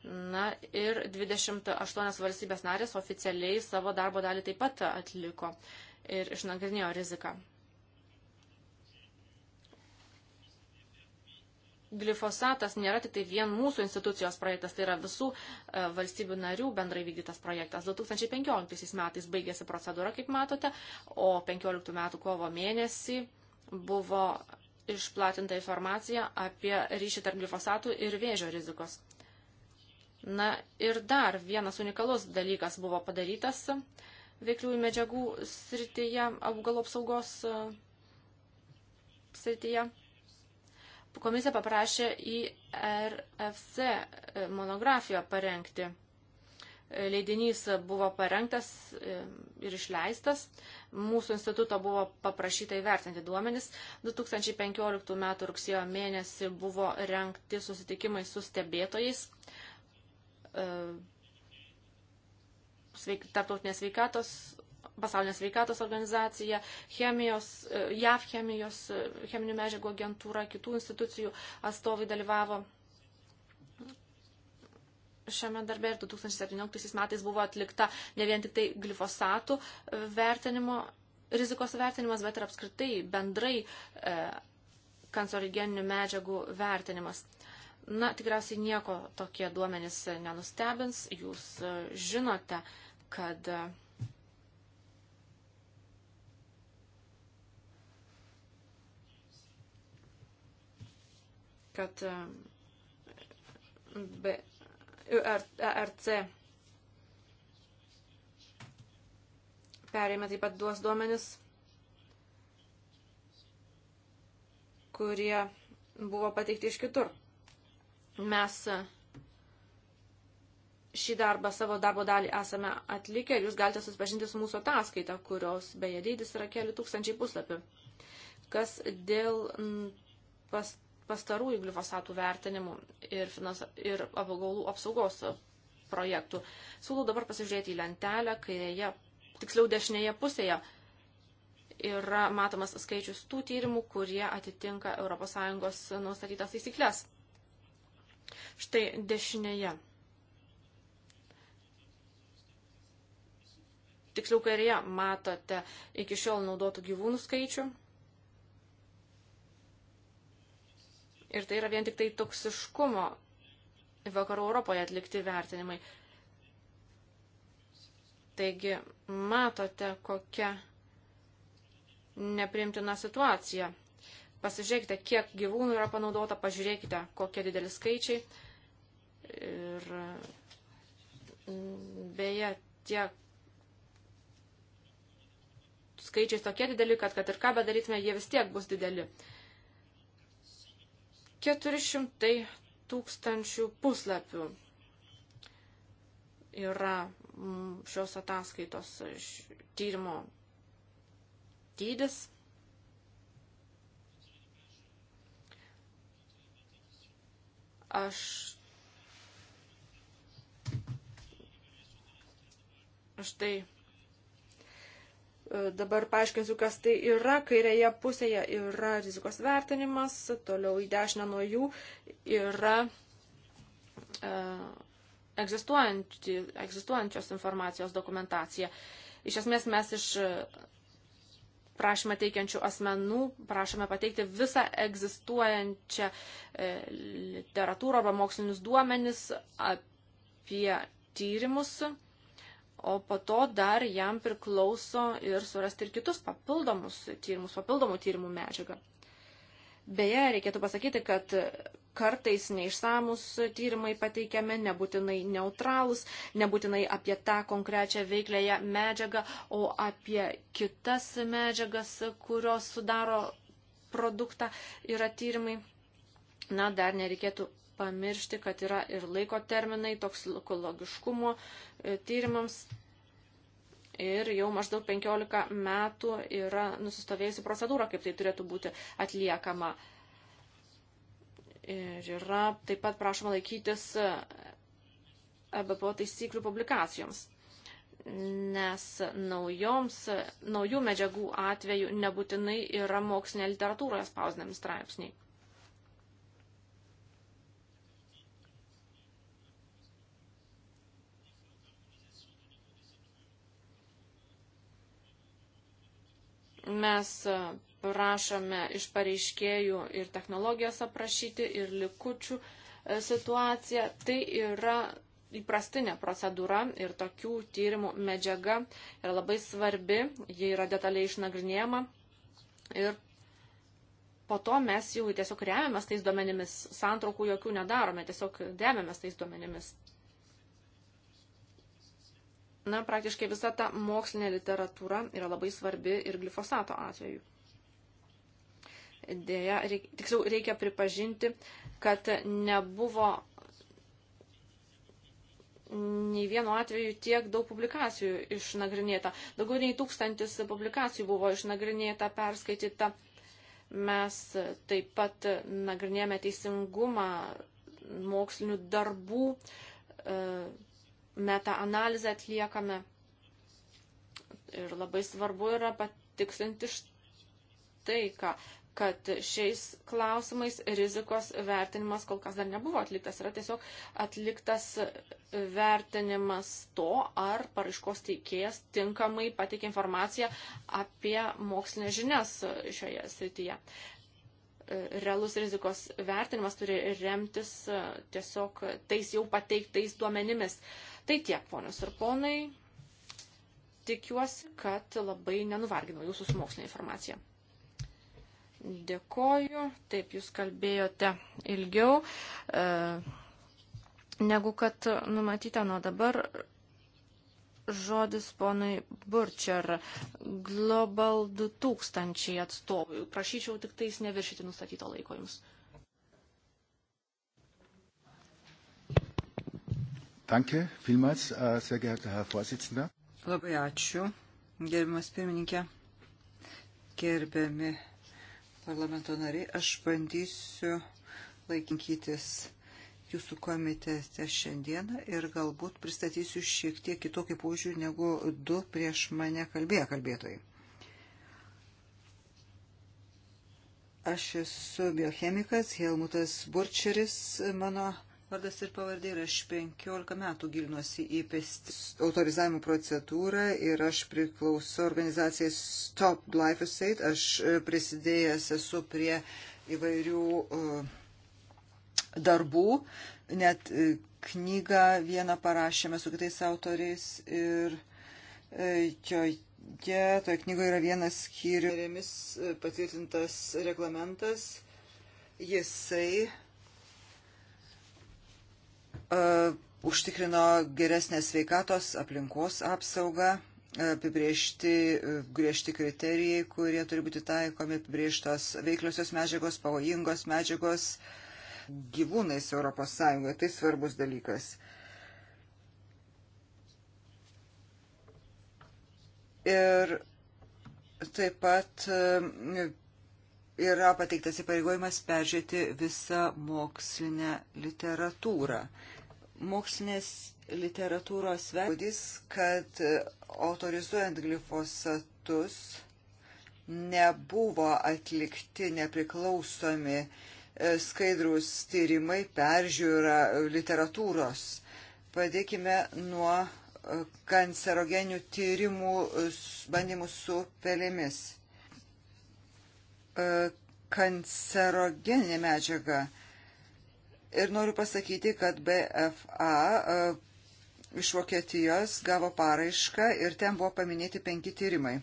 Na ir 28 valstybės narės oficialiai savo darbo dalį taip pat atliko ir išnagrinėjo riziką. Glifosatas nėra tik tai vien mūsų institucijos projektas, tai yra visų e, valstybių narių bendrai vykdytas projektas. 2015 metais baigėsi procedūra, kaip matote, o 15 metų kovo mėnesį buvo išplatinta informacija apie ryšį tarp glifosatų ir vėžio rizikos. Na ir dar vienas unikalus dalykas buvo padarytas veikliųjų medžiagų srityje, augalų apsaugos e, srityje. Komisija paprašė į RFC e, monografiją parengti. E, leidinys buvo parengtas ir išleistas. Mūsų instituto buvo paprašyta įvertinti duomenis. 2015 m. rugsėjo mėnesį buvo rengti susitikimai su stebėtojais E, sveik, tarptautinė sveikatos, pasaulinė sveikatos organizacija, chemijos, e, JAV chemijos, e, cheminių medžiagų agentūra, kitų institucijų atstovai dalyvavo. Šiame darbe ir 2017 metais buvo atlikta ne vien tik tai glifosatų vertinimo, rizikos vertinimas, bet ir apskritai bendrai e, kancerogeninių medžiagų vertinimas. Na, tikriausiai nieko tokie duomenys nenustebins. Jūs e, žinote, kad e, kad e, B, ERC perėmė taip pat duos duomenis, kurie buvo pateikti iš kitur. Mes šį darbą, savo darbo dalį esame atlikę ir jūs galite susipažinti su mūsų ataskaita, kurios beje dydis yra keli tūkstančiai puslapių. Kas dėl pas, pastarųjų glifosatų vertinimų ir, finans, ir apaugalų apsaugos projektų. Siūlau dabar pasižiūrėti į lentelę, kairėje, tiksliau dešinėje pusėje yra matomas skaičius tų tyrimų, kurie atitinka ES nustatytas taisyklės. Štai dešinėje. Tiksliau kairėje matote iki šiol naudotų gyvūnų skaičių. Ir tai yra vien tik tai toksiškumo vakarų Europoje atlikti vertinimai. Taigi matote, kokia neprimtina situacija Pasižiūrėkite, kiek gyvūnų yra panaudota, pažiūrėkite, kokie dideli skaičiai. Ir mm, beje, tie skaičiai tokie dideli, kad kad ir ką bedarytume, jie vis tiek bus dideli. 400 tūkstančių puslapių yra mm, šios ataskaitos tyrimo dydis. Aš. Štai. E, dabar paaiškinsiu, kas tai yra. Kairėje pusėje yra rizikos vertinimas, toliau į dešinę nuo jų yra e, egzistuojančios informacijos dokumentacija. Iš esmės mes iš prašymą teikiančių asmenų prašome pateikti visą egzistuojančią e, literatūrą arba mokslinius duomenis apie tyrimus, o po to dar jam priklauso ir surasti ir kitus papildomus tyrimus, papildomų tyrimų medžiagą. Beje, reikėtų pasakyti, kad kartais neišsamus tyrimai pateikiami, nebūtinai neutralus, nebūtinai apie tą konkrečią veiklėją medžiagą, o apie kitas medžiagas, kurios sudaro produktą yra tyrimai. Na, dar nereikėtų pamiršti, kad yra ir laiko terminai toksikologiškumo e, tyrimams. Ir jau maždaug 15 metų yra nusistovėjusi procedūra, kaip tai turėtų būti atliekama. Uh, Ir yra taip pat prašoma laikytis EBPO e taisyklių publikacijoms, nes naujoms, naujų medžiagų atveju nebūtinai yra mokslinė literatūroje spausdinami straipsniai. Mes prašome iš pareiškėjų ir technologijos aprašyti, ir likučių e, situaciją. Tai yra įprastinė procedūra ir tokių tyrimų medžiaga yra labai svarbi, ji yra detaliai išnagrinėjama. Ir po to mes jau tiesiog remiamės tais duomenimis, santraukų jokių nedarome, tiesiog remiamės tais duomenimis. Na, praktiškai visa ta mokslinė literatūra yra labai svarbi ir glifosato atveju. Dėja, reik, tiksliau reikia pripažinti, kad nebuvo nei vienu atveju tiek daug publikacijų išnagrinėta. Daugiau nei tūkstantis publikacijų buvo išnagrinėta, perskaityta. Mes taip pat nagrinėjame teisingumą mokslinių darbų, e, metaanalizę atliekame. Ir labai svarbu yra patikslinti štai ką kad šiais klausimais rizikos vertinimas kol kas dar nebuvo atliktas. Yra tiesiog atliktas vertinimas to, ar paraiškos teikėjas tinkamai pateikė informaciją apie mokslinės žinias šioje srityje realus rizikos vertinimas turi remtis tiesiog tais jau pateiktais duomenimis. Tai tiek, ponios ir ponai. Tikiuosi, kad labai nenuvarginau jūsų su mokslinė informacija. Dėkoju, taip jūs kalbėjote ilgiau e, negu kad numatyta nuo dabar. Žodis ponui Burčer, Global 2000 atstovui. Prašyčiau tik tais neviršyti nustatyto laiko jums. Danke, vielmals, äh, sehr geehrter Herr Vorsitzender. Labai ačiū, gerbiamas pirmininkė, gerbiami parlamento nariai, aš bandysiu laikinkytis jūsų komitete šiandieną ir galbūt pristatysiu šiek tiek kitokį požiūrį negu du prieš mane kalbėję kalbėtojai. Aš esu biochemikas, Helmutas Burčeris mano vardas ir pavardė ir aš 15 metų gilinuosi į autorizavimo procedūrą ir aš priklausau organizacijai Stop Glyphosate. Aš e, prisidėjęs esu prie įvairių e, darbų, net e, knygą vieną parašėme su kitais autoriais ir joje, toje knygoje yra vienas skyrius. Patvirtintas reglamentas, jisai E, užtikrino geresnę sveikatos aplinkos apsaugą, e, apibriežti e, griežti kriterijai, kurie turi būti taikomi, apibriežtos veikliosios medžiagos, pavojingos medžiagos gyvūnais Europos Sąjungoje. Tai svarbus dalykas. Ir taip pat yra pateiktas įpareigojimas peržiūrėti visą mokslinę literatūrą. Uh, mokslinės literatūros vedys, kad e, autorizuojant glifosatus nebuvo atlikti nepriklausomi e, skaidrus tyrimai peržiūra e, literatūros. Padėkime nuo kancerogenių tyrimų bandymų su pelėmis. Kancerogeninė medžiaga – Ir noriu pasakyti, kad BFA e, iš Vokietijos gavo paraišką ir ten buvo paminėti penki tyrimai.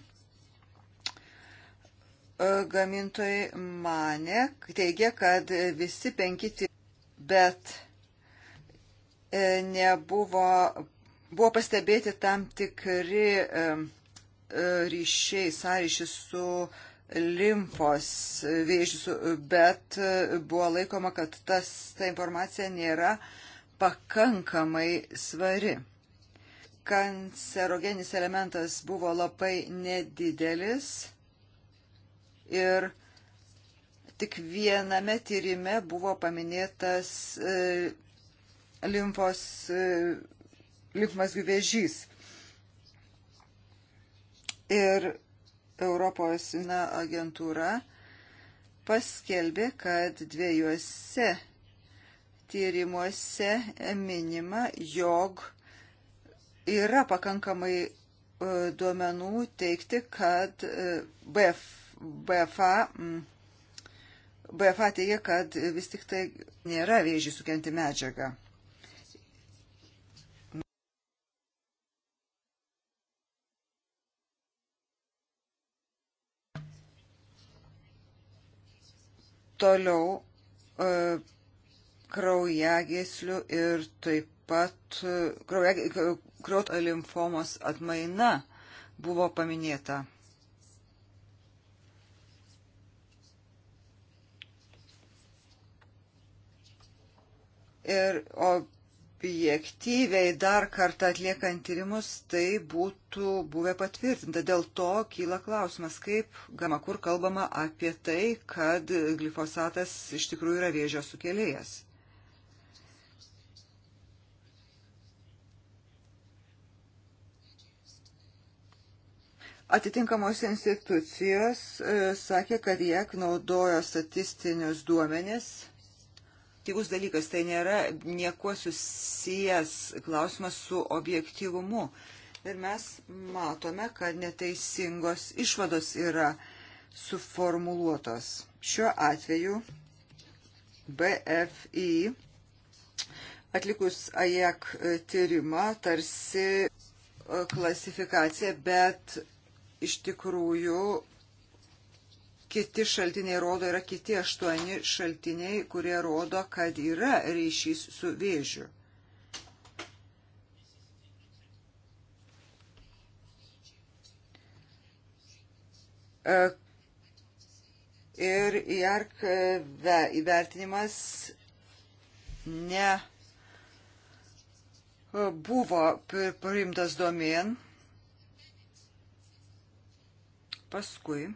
E, gamintojai mane teigia, kad visi penki tyrimai, bet e, nebuvo, buvo pastebėti tam tikri ryšiai, sąryšys su uh, limfos vėžius, bet buvo laikoma, kad tas, ta informacija nėra pakankamai svari. Kancerogenis elementas buvo labai nedidelis ir tik viename tyrime buvo paminėtas e, limfos, e, limfmas gyvežys. Ir Europos na, agentūra paskelbė, kad dviejose tyrimuose minima, jog yra pakankamai e, duomenų teikti, kad e, BF, BFA, BFA teigia, kad vis tik tai nėra vėžį sukelti medžiaga. Toliau e, kraujagėslių ir taip pat e, kraujo limfomos atmaina buvo paminėta. Ir, o objektyviai dar kartą atliekant tyrimus, tai būtų buvę patvirtinta. Dėl to kyla klausimas, kaip gama, kur kalbama apie tai, kad glifosatas iš tikrųjų yra vėžio sukėlėjas. Atitinkamos institucijos e, sakė, kad jie naudojo statistinius duomenis subjektyvus dalykas, tai nėra nieko susijęs klausimas su objektyvumu. Ir mes matome, kad neteisingos išvados yra suformuluotos. Šiuo atveju BFI atlikus AJEK tyrimą tarsi klasifikacija, bet iš tikrųjų Kiti šaltiniai rodo, yra kiti aštuoni šaltiniai, kurie rodo, kad yra ryšys su vėžiu. E, ir IARC e, įvertinimas ne e, buvo priimtas domėn. Paskui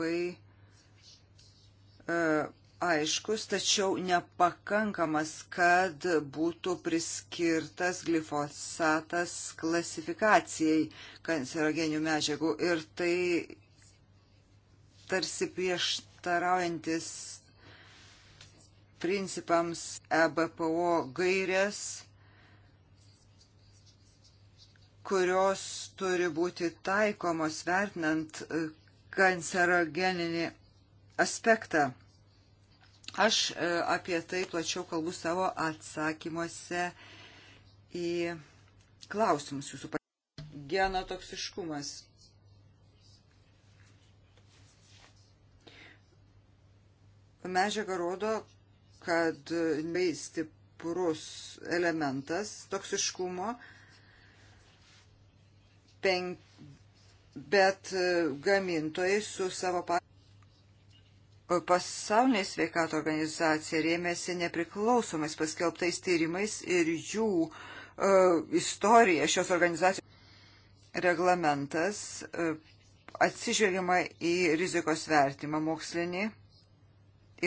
labai uh, aiškus, tačiau nepakankamas, kad būtų priskirtas glifosatas klasifikacijai kancerogenių medžiagų. Ir tai tarsi prieštaraujantis principams EBPO gairės kurios turi būti taikomos vertinant kancerogeninį aspektą. Aš e, apie tai plačiau kalbu savo atsakymuose į klausimus jūsų. Genotoksiškumas. Medžiaga rodo, kad bei stiprus elementas toksiškumo 5 bet e, gamintojai su savo pasaulinė sveikato organizacija rėmėsi nepriklausomais paskelbtais tyrimais ir jų uh, istorija šios organizacijos reglamentas uh, atsižvelgiama į rizikos vertimą mokslinį.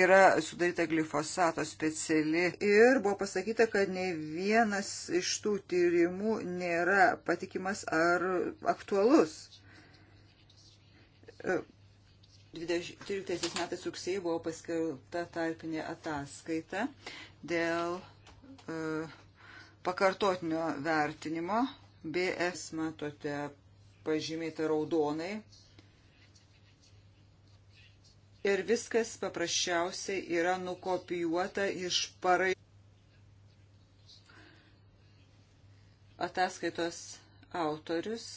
Yra sudaryta glifosato speciali ir buvo pasakyta, kad ne vienas iš tų tyrimų nėra patikimas ar aktualus 2013 e, metais rugsėjai buvo paskelbta tarpinė ataskaita dėl e, pakartotinio vertinimo. BS matote pažymėta raudonai. Ir viskas paprasčiausiai yra nukopijuota iš parai. Ataskaitos autorius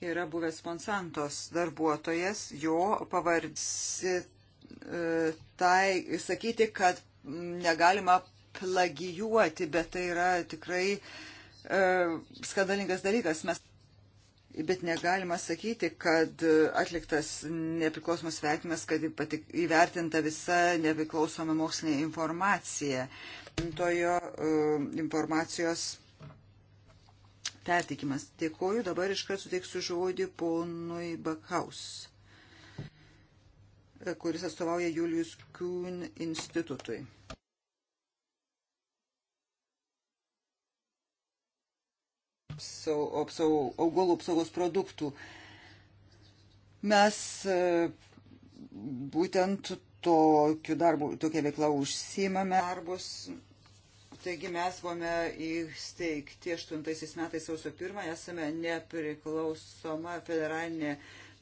yra buvęs Monsantos darbuotojas, jo pavarsi e, tai sakyti, kad negalima plagijuoti, bet tai yra tikrai e, skandalingas dalykas. Mes Bet negalima sakyti, kad atliktas nepriklausomas vertimas, kad įvertinta visa nepriklausoma mokslinė informacija. Tojo e, informacijos pertikimas. Dėkoju, dabar iškart suteiksiu žodį ponui Bakaus, kuris atstovauja Julius Kuhn institutui. Apsau, apsau, augalų apsaugos produktų. Mes e, būtent tokiu darbu, tokia veikla užsimame darbus Taigi mes buvome įsteigti 8 metais sausio 1, esame nepriklausoma federalinė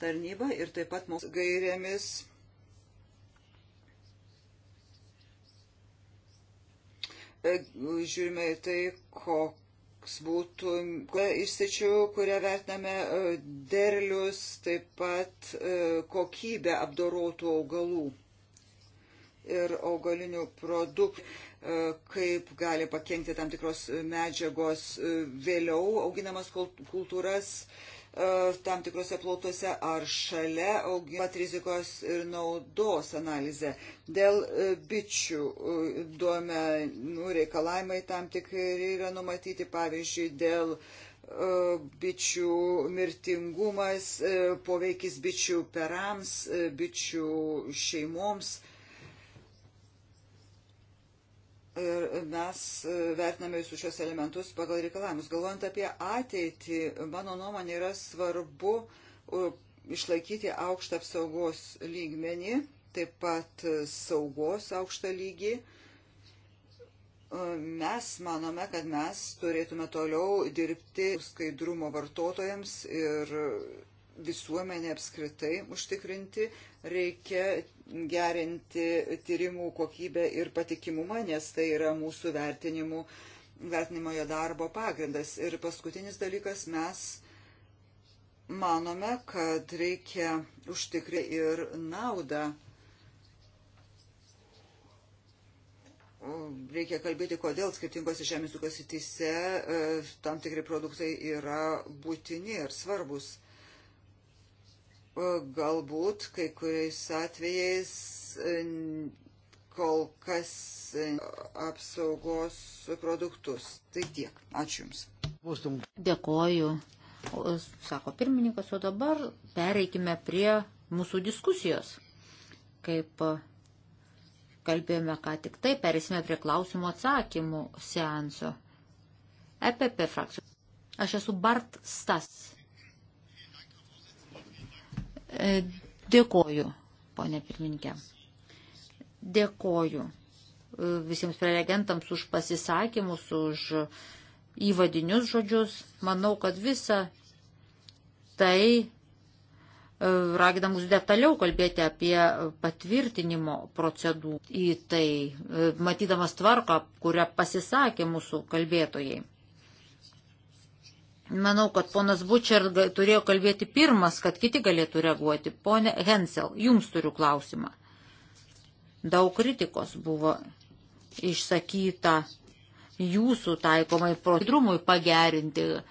tarnyba ir taip pat mūsų gairėmis e, žiūrime į tai, koks būtų išsičių, kurią vertiname e, derlius, taip pat e, kokybę apdorotų augalų ir augalinių produktų kaip gali pakengti tam tikros medžiagos e, vėliau auginamas kultūras e, tam tikrose plautuose ar šalia auginamas rizikos ir naudos analizę. Dėl e, bičių duomenų reikalavimai tam tikri yra numatyti, pavyzdžiui, dėl bičių mirtingumas, poveikis bičių perams, bičių šeimoms. Ir mes e, vertiname visus šios elementus pagal reikalavimus. Galvojant apie ateitį, mano nuomonė yra svarbu išlaikyti aukštą apsaugos lygmenį, taip pat saugos aukštą lygį. E, mes manome, kad mes turėtume toliau dirbti skaidrumo vartotojams ir visuomenė apskritai užtikrinti. Reikia gerinti tyrimų kokybę ir patikimumą, nes tai yra mūsų vertinimų, vertinimo jo darbo pagrindas. Ir paskutinis dalykas, mes manome, kad reikia užtikrinti ir naudą reikia kalbėti, kodėl skirtingose žemės ūkio sityse e, tam tikri produktai yra būtini ir svarbus galbūt kai kuriais atvejais e, kol kas e, apsaugos produktus. Tai tiek. Ačiū Jums. Dėkoju, sako pirmininkas, o dabar pereikime prie mūsų diskusijos. Kaip kalbėjome ką tik tai, perėsime prie klausimų atsakymų seanso. EPP frakcijų. Aš esu Bart Stas E, dėkoju, ponė pirmininkė. Dėkoju e, visiems prelegentams už pasisakymus, už įvadinius žodžius. Manau, kad visa tai e, ragina mus detaliau kalbėti apie patvirtinimo procedūrą į tai, matydamas tvarką, kurią pasisakė mūsų kalbėtojai. Manau, kad ponas Bučer turėjo kalbėti pirmas, kad kiti galėtų reaguoti. Pone Hensel, jums turiu klausimą. Daug kritikos buvo išsakyta jūsų taikomai protidrumui pagerinti, e,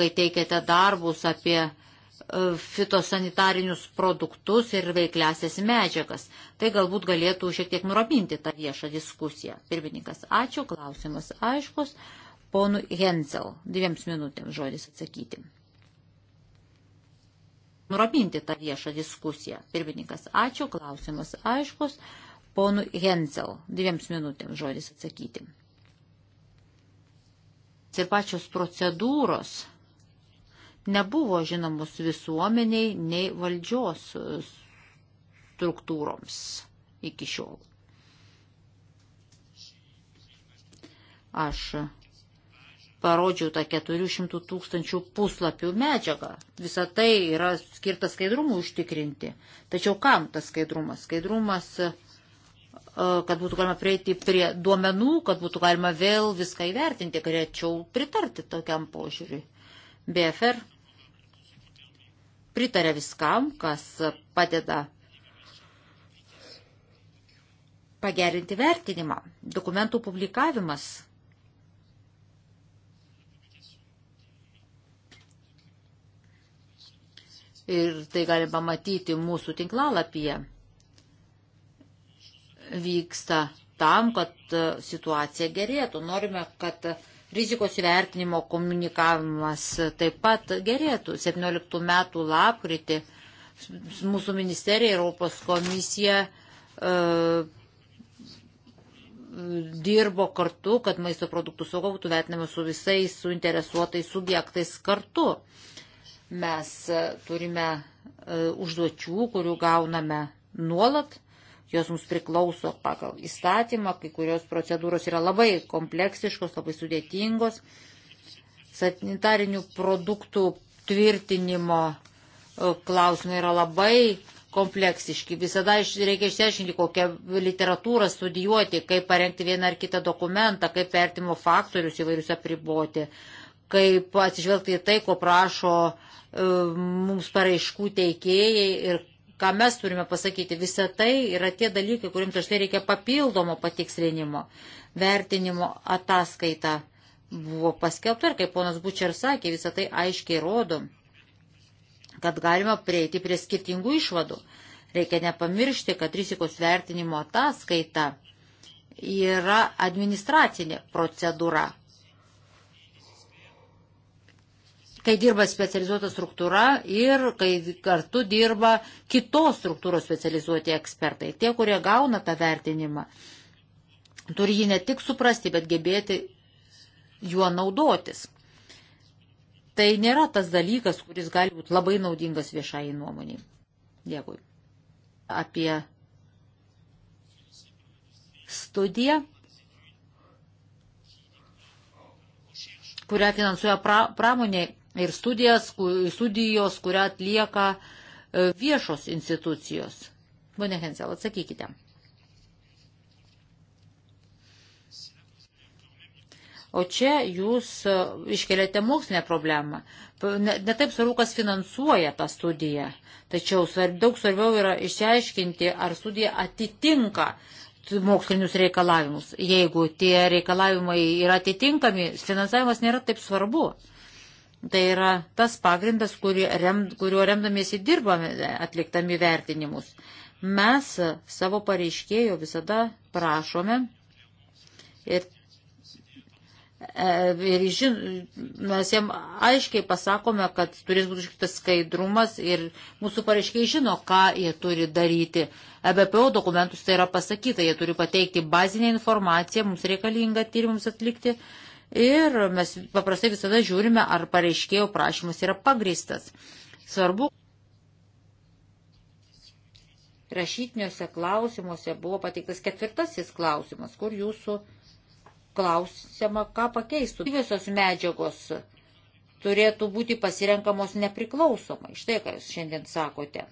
kai teikiate darbus apie e, fitosanitarinius produktus ir veikliasias medžiagas. Tai galbūt galėtų šiek tiek nuraminti tą viešą diskusiją. Pirmininkas, ačiū, klausimas aiškus ponu Hensel. Dviems minutėms žodis atsakyti. Nuraminti tą viešą diskusiją. Pirmininkas, ačiū, klausimas aiškus. Ponu Hensel, dviems minutėms žodis atsakyti. Ir pačios procedūros nebuvo žinomus visuomeniai nei valdžios struktūroms iki šiol. Aš parodžiau tą 400 tūkstančių puslapių medžiagą. Visa tai yra skirta skaidrumui užtikrinti. Tačiau kam tas skaidrumas? Skaidrumas, e, kad būtų galima prieiti prie duomenų, kad būtų galima vėl viską įvertinti, galėčiau pritarti tokiam požiūriui. BFR pritarė viskam, kas padeda pagerinti vertinimą. Dokumentų publikavimas ir tai galima matyti mūsų tinklalapyje. Vyksta tam, kad e, situacija gerėtų. Norime, kad e, rizikos įvertinimo komunikavimas e, taip pat gerėtų. 17 metų lapkritį mūsų ministerija ir Europos komisija e, dirbo kartu, kad maisto produktų sauga būtų vertinama su visais suinteresuotais subjektais kartu. E, Mes e, turime e, užduočių, kurių gauname nuolat, jos mums priklauso pagal įstatymą, kai kurios procedūros yra labai kompleksiškos, labai sudėtingos. Sanitarinių produktų tvirtinimo e, klausimai yra labai kompleksiški. Visada reikia išsiaiškinti, kokią literatūrą studijuoti, kaip parengti vieną ar kitą dokumentą, kaip vertimo faktorius įvairius apriboti. Uh, kaip atsižvelgti į tai, ko prašo e, mums paraiškų teikėjai ir ką mes turime pasakyti. Visa tai yra tie dalykai, kuriems už tai reikia papildomo patikslinimo, vertinimo ataskaita buvo paskelbta ir kaip ponas Bučer sakė, visą tai aiškiai rodo, kad galima prieiti prie skirtingų išvadų. Reikia nepamiršti, kad rizikos vertinimo ataskaita yra administracinė procedūra, kai dirba specializuota struktūra ir kai kartu dirba kitos struktūros specializuoti ekspertai. Tie, kurie gauna tą vertinimą, turi jį ne tik suprasti, bet gebėti juo naudotis. Tai nėra tas dalykas, kuris gali būti labai naudingas viešai nuomoniai. Dėkui. Apie studiją, kurią finansuoja pramonė ir studijas, studijos, kurią atlieka e, viešos institucijos. Pone Hensel, atsakykite. O čia jūs e, iškeliate mokslinę problemą. Netaip ne svarbu, kas finansuoja tą studiją. Tačiau svarb, daug svarbiau yra išsiaiškinti, ar studija atitinka mokslinius reikalavimus. Jeigu tie reikalavimai yra atitinkami, finansavimas nėra taip svarbu. Tai yra tas pagrindas, kuriuo, rem, kuriuo remdamiesi dirbame atliktami vertinimus. Mes savo pareiškėjo visada prašome ir, e, ir žin, mes jam aiškiai pasakome, kad turės būti užkitas skaidrumas ir mūsų pareiškiai žino, ką jie turi daryti. EBPO dokumentus tai yra pasakyta, jie turi pateikti bazinę informaciją, mums reikalingą tyrimams atlikti. Uh, ir mes paprastai visada žiūrime, ar pareiškėjo prašymas yra pagristas. Svarbu. Rašytiniuose klausimuose buvo pateiktas ketvirtasis klausimas, kur jūsų klausimą, ką pakeistų. Visos medžiagos turėtų būti pasirenkamos nepriklausomai. Štai ką jūs šiandien sakote.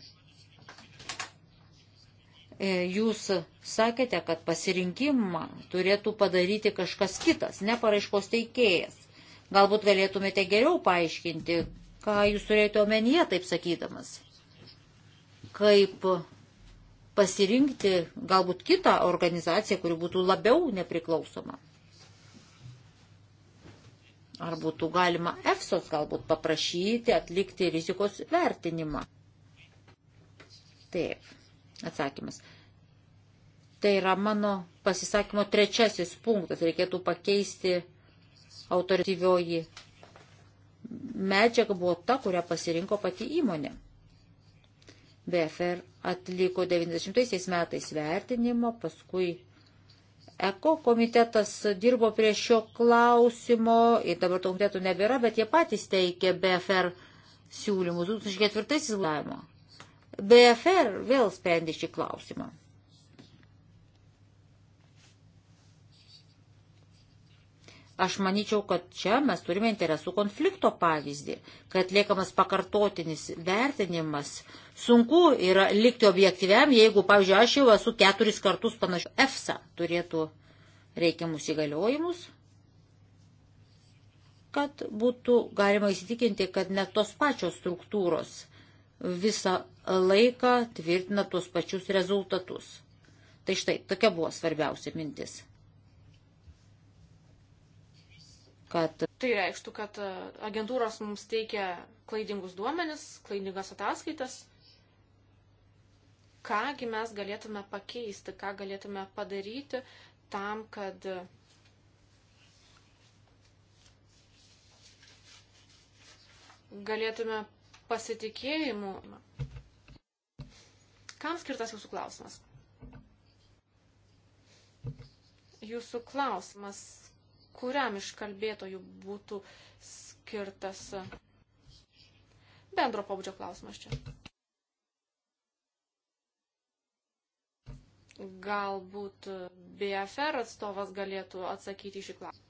E, jūs sakėte, kad pasirinkimą turėtų padaryti kažkas kitas, ne paraiškos teikėjas. Galbūt galėtumėte geriau paaiškinti, ką jūs turėjote omenyje, taip sakydamas. Kaip pasirinkti galbūt kitą organizaciją, kuri būtų labiau nepriklausoma. Ar būtų galima EFSOS galbūt paprašyti atlikti rizikos vertinimą? Taip, atsakymas. Tai yra mano pasisakymo trečiasis punktas. Reikėtų pakeisti autorityvioji medžiaga buvo ta, kurią pasirinko pati įmonė. BFR atliko 90 metais vertinimo, paskui ECO komitetas dirbo prie šio klausimo, ir dabar to komiteto nebėra, bet jie patys teikė BFR siūlymus 2004 įsilavimo. BFR vėl sprendė šį klausimą. Aš manyčiau, kad čia mes turime interesų konflikto pavyzdį, kad liekamas pakartotinis vertinimas. Sunku yra likti objektyviam, jeigu, pavyzdžiui, aš jau esu keturis kartus panašiu. EFSA turėtų reikiamus įgaliojimus, kad būtų galima įsitikinti, kad net tos pačios struktūros visą laiką tvirtina tuos pačius rezultatus. Tai štai, tokia buvo svarbiausia mintis. kad. Tai reikštų, kad e, agentūros mums teikia klaidingus duomenis, klaidingas ataskaitas. Kągi mes galėtume pakeisti, ką galėtume padaryti tam, kad e, galėtume pasitikėjimu. Kam skirtas jūsų klausimas? Jūsų klausimas kuriam iš kalbėtojų būtų skirtas bendro pobūdžio klausimas čia. Galbūt BFR atstovas galėtų atsakyti šį klausimą.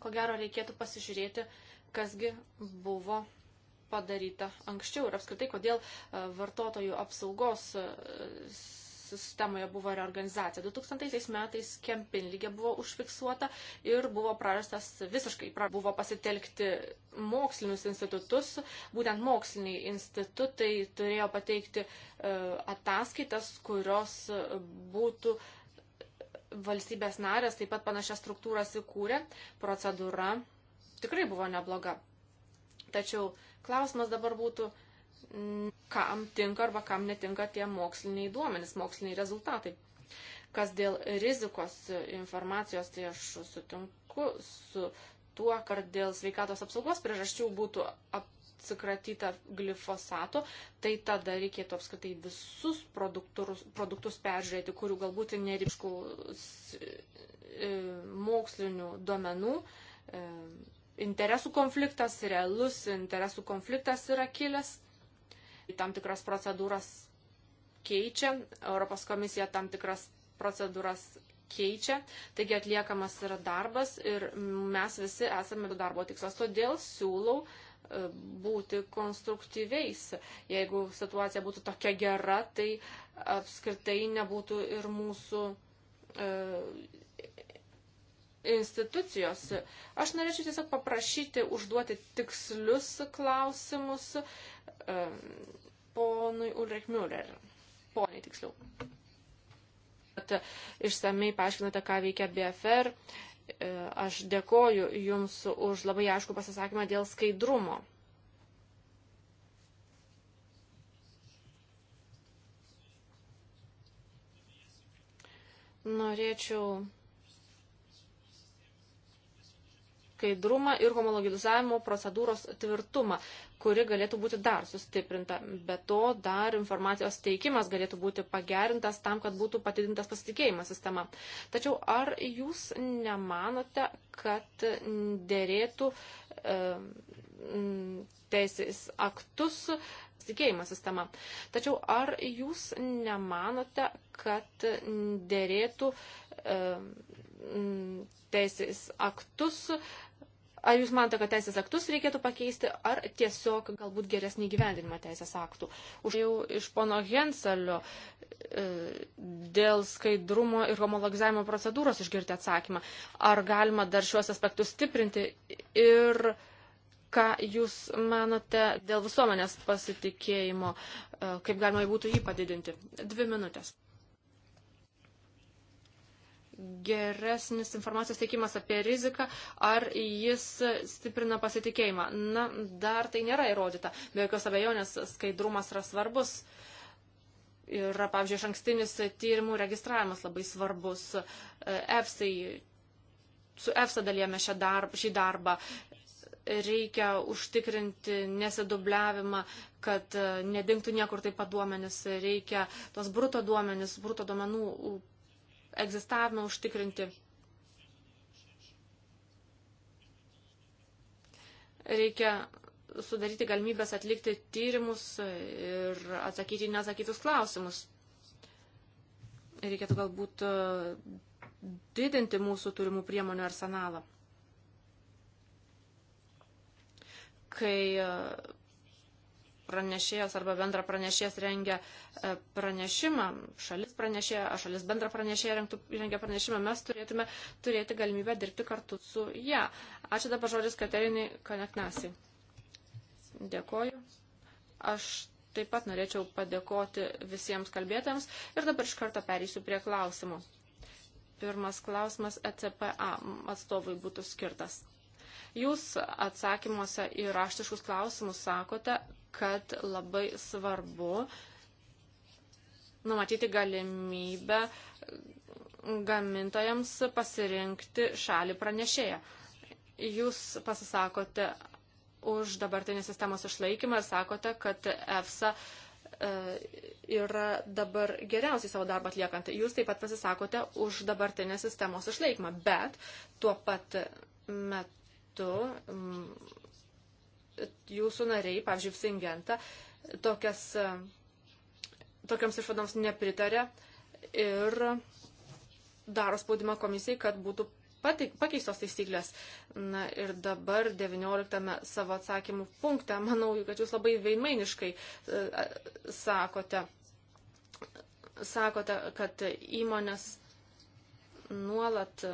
Ko gero reikėtų pasižiūrėti, kasgi buvo padaryta anksčiau ir apskritai, kodėl e, vartotojų apsaugos e, sistemoje buvo reorganizacija. 2000 metais Kempinlygė buvo užfiksuota ir buvo prarastas visiškai, pra, buvo pasitelkti mokslinius institutus, būtent moksliniai institutai turėjo pateikti e, ataskaitas, kurios būtų valstybės narės, taip pat panašias struktūras įkūrė, procedūra tikrai buvo nebloga. Tačiau klausimas dabar būtų kam tinka arba kam netinka tie moksliniai duomenys, moksliniai rezultatai. Kas dėl rizikos informacijos, tai aš sutinku su tuo, kad dėl sveikatos apsaugos priežasčių būtų atsikratyta glifosato, tai tada reikėtų apskritai visus produktus, produktus peržiūrėti, kurių galbūt neriškų e, mokslinių duomenų e, interesų konfliktas, realus interesų konfliktas yra kilęs tam tikras procedūras keičia, Europos komisija tam tikras procedūras keičia, taigi atliekamas yra darbas ir mes visi esame darbo tikslas. Todėl siūlau e, būti konstruktyviais. Jeigu situacija būtų tokia gera, tai apskritai nebūtų ir mūsų e, institucijos. Aš norėčiau tiesiog paprašyti užduoti tikslius klausimus, e, ponui Ulrich Müller. Poniai tiksliau. E, Išsamei paaiškinote, ką veikia BFR. E, aš dėkoju Jums už labai aišku pasisakymą dėl skaidrumo. Norėčiau skaidrumą ir homologizavimo procedūros tvirtumą, kuri galėtų būti dar sustiprinta. Be to, dar informacijos teikimas galėtų būti pagerintas tam, kad būtų patidintas pasitikėjimas sistema. Tačiau ar jūs nemanote, kad dėrėtų e, teisės aktus pasitikėjimo sistema. Tačiau ar jūs nemanote, kad dėrėtų e, teisės aktus Ar jūs manote, kad teisės aktus reikėtų pakeisti, ar tiesiog galbūt geresnį gyvendinimą teisės aktų? Užėjau iš pono Henselio e, dėl skaidrumo ir homologizavimo procedūros išgirti atsakymą. Ar galima dar šiuos aspektus stiprinti ir ką jūs manote dėl visuomenės pasitikėjimo, e, kaip galima būtų jį padidinti? Dvi minutės geresnis informacijos teikimas apie riziką, ar jis stiprina pasitikėjimą. Na, dar tai nėra įrodyta. Be jokios abejonės skaidrumas yra svarbus. Yra, pavyzdžiui, iš ankstinis tyrimų registravimas labai svarbus. E, EFSA, su EFSA dalyjame darb, šį darbą. Reikia užtikrinti nesidubliavimą, kad e, nedingtų niekur taip pat duomenis. Reikia tos bruto duomenis, bruto duomenų egzistavimą užtikrinti. Reikia sudaryti galimybės atlikti tyrimus ir atsakyti nesakytus klausimus. Reikėtų galbūt e, didinti mūsų turimų priemonių arsenalą. Kai e, pranešėjas arba bendra pranešėjas rengia e, pranešimą, šalis pranešėja, ar šalis bendra pranešėja rengia pranešimą, mes turėtume turėti galimybę dirbti kartu su ją. Ačiū dabar žodis Katerinai Kaneknasi. Dėkoju. Aš taip pat norėčiau padėkoti visiems kalbėtams ir dabar iš karto pereisiu prie klausimų. Pirmas klausimas ECPA atstovui būtų skirtas. Jūs atsakymuose į raštiškus klausimus sakote, kad labai svarbu numatyti galimybę gamintojams pasirinkti šalį pranešėją. Jūs pasisakote už dabartinės sistemos išlaikymą ir sakote, kad EFSA e, yra dabar geriausiai savo darbą atliekant. Jūs taip pat pasisakote už dabartinės sistemos išlaikymą, bet tuo pat metu jūsų nariai, pavyzdžiui, Singenta, tokias, e, tokiams išvadoms nepritarė ir daro spaudimą komisijai, kad būtų pateik, pakeistos taisyklės. Na ir dabar 19 savo atsakymų punkte, manau, kad jūs labai veidmainiškai e, e, sakote, sakote, kad įmonės nuolat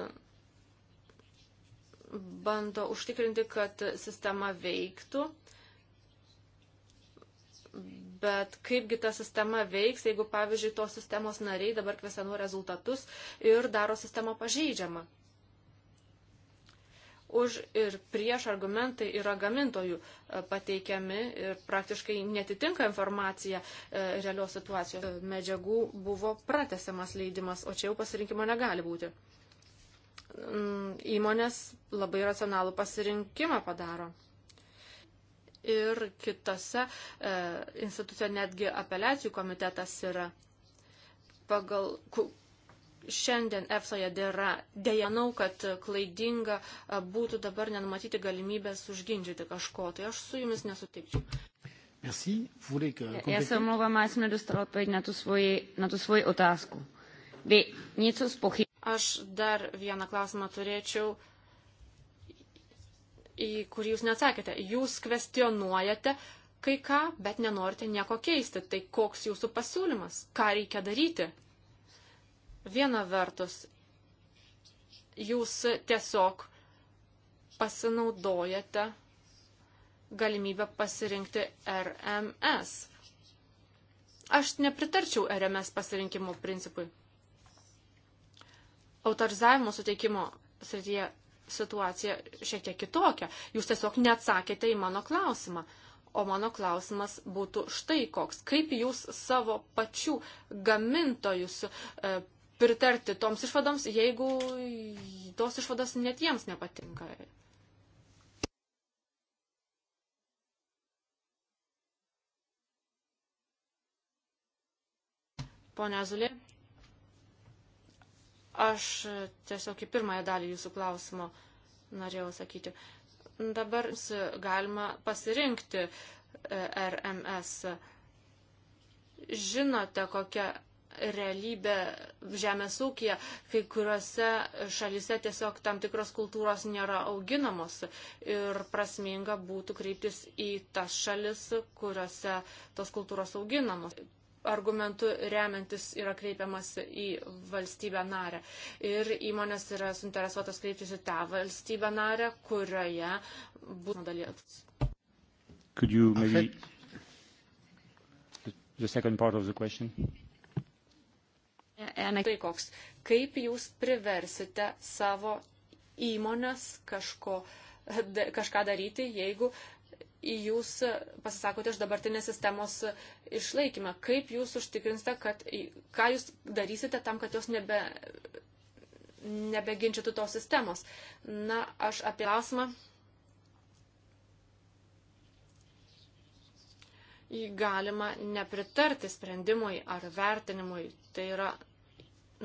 bando užtikrinti, kad sistema veiktų. Bet kaipgi ta sistema veiks, jeigu, pavyzdžiui, tos sistemos nariai dabar kvesenu rezultatus ir daro sistemą pažeidžiamą. Už ir prieš argumentai yra gamintojų e, pateikiami ir praktiškai netitinka informacija e, realios situacijos. Medžiagų buvo pratesiamas leidimas, o čia jau pasirinkimo negali būti. Mm, įmonės labai racionalų pasirinkimą padaro. Ir kitose e, institucijose netgi apeliacijų komitetas yra. Pagal, ku, šiandien EFSA-je dėra, dėjanau, kad klaidinga e, būtų dabar nenumatyti galimybės užginčyti kažko. Tai aš su jumis nesutikčiau. Merci. Vous voulez que... Já se omlouvám, já jsem nedostala odpověď na tu svoji, na tu svoji otázku. Vy něco spochybňujete? Aš dar vieną klausimą turėčiau, į kurį jūs neatsakėte. Jūs kvestionuojate kai ką, bet nenorite nieko keisti. Tai koks jūsų pasiūlymas? Ką reikia daryti? Viena vertus, jūs tiesiog pasinaudojate galimybę pasirinkti RMS. Aš nepritarčiau RMS pasirinkimo principui autorizavimo suteikimo srityje situacija šiek tiek kitokia. Jūs tiesiog neatsakėte į mano klausimą. O mano klausimas būtų štai koks. Kaip jūs savo pačių gamintojus e, pritarti toms išvadoms, jeigu tos išvados net jiems nepatinka? Pone Azulė. Aš tiesiog į pirmąją dalį jūsų klausimo norėjau sakyti. Dabar galima pasirinkti e, RMS. Žinote, kokia realybė žemės ūkija, kai kuriuose šalise tiesiog tam tikros kultūros nėra auginamos ir prasminga būtų kreiptis į tas šalis, kuriuose tos kultūros auginamos argumentu remiantis yra kreipiamas į valstybę narę. Ir įmonės yra suinteresuotas kreiptis į tą valstybę narę, kurioje būtų dalyvautas. Could you maybe the second part of the question? E, tai koks. Kaip jūs priversite savo įmonės kažko, kažką daryti, jeigu uh, jūs pasisakote iš dabartinės sistemos išlaikymą. Kaip jūs užtikrinsite, kad, ką jūs darysite tam, kad jos nebe, nebeginčytų tos sistemos? Na, aš apie klausimą. Galima nepritarti sprendimui ar vertinimui. Tai yra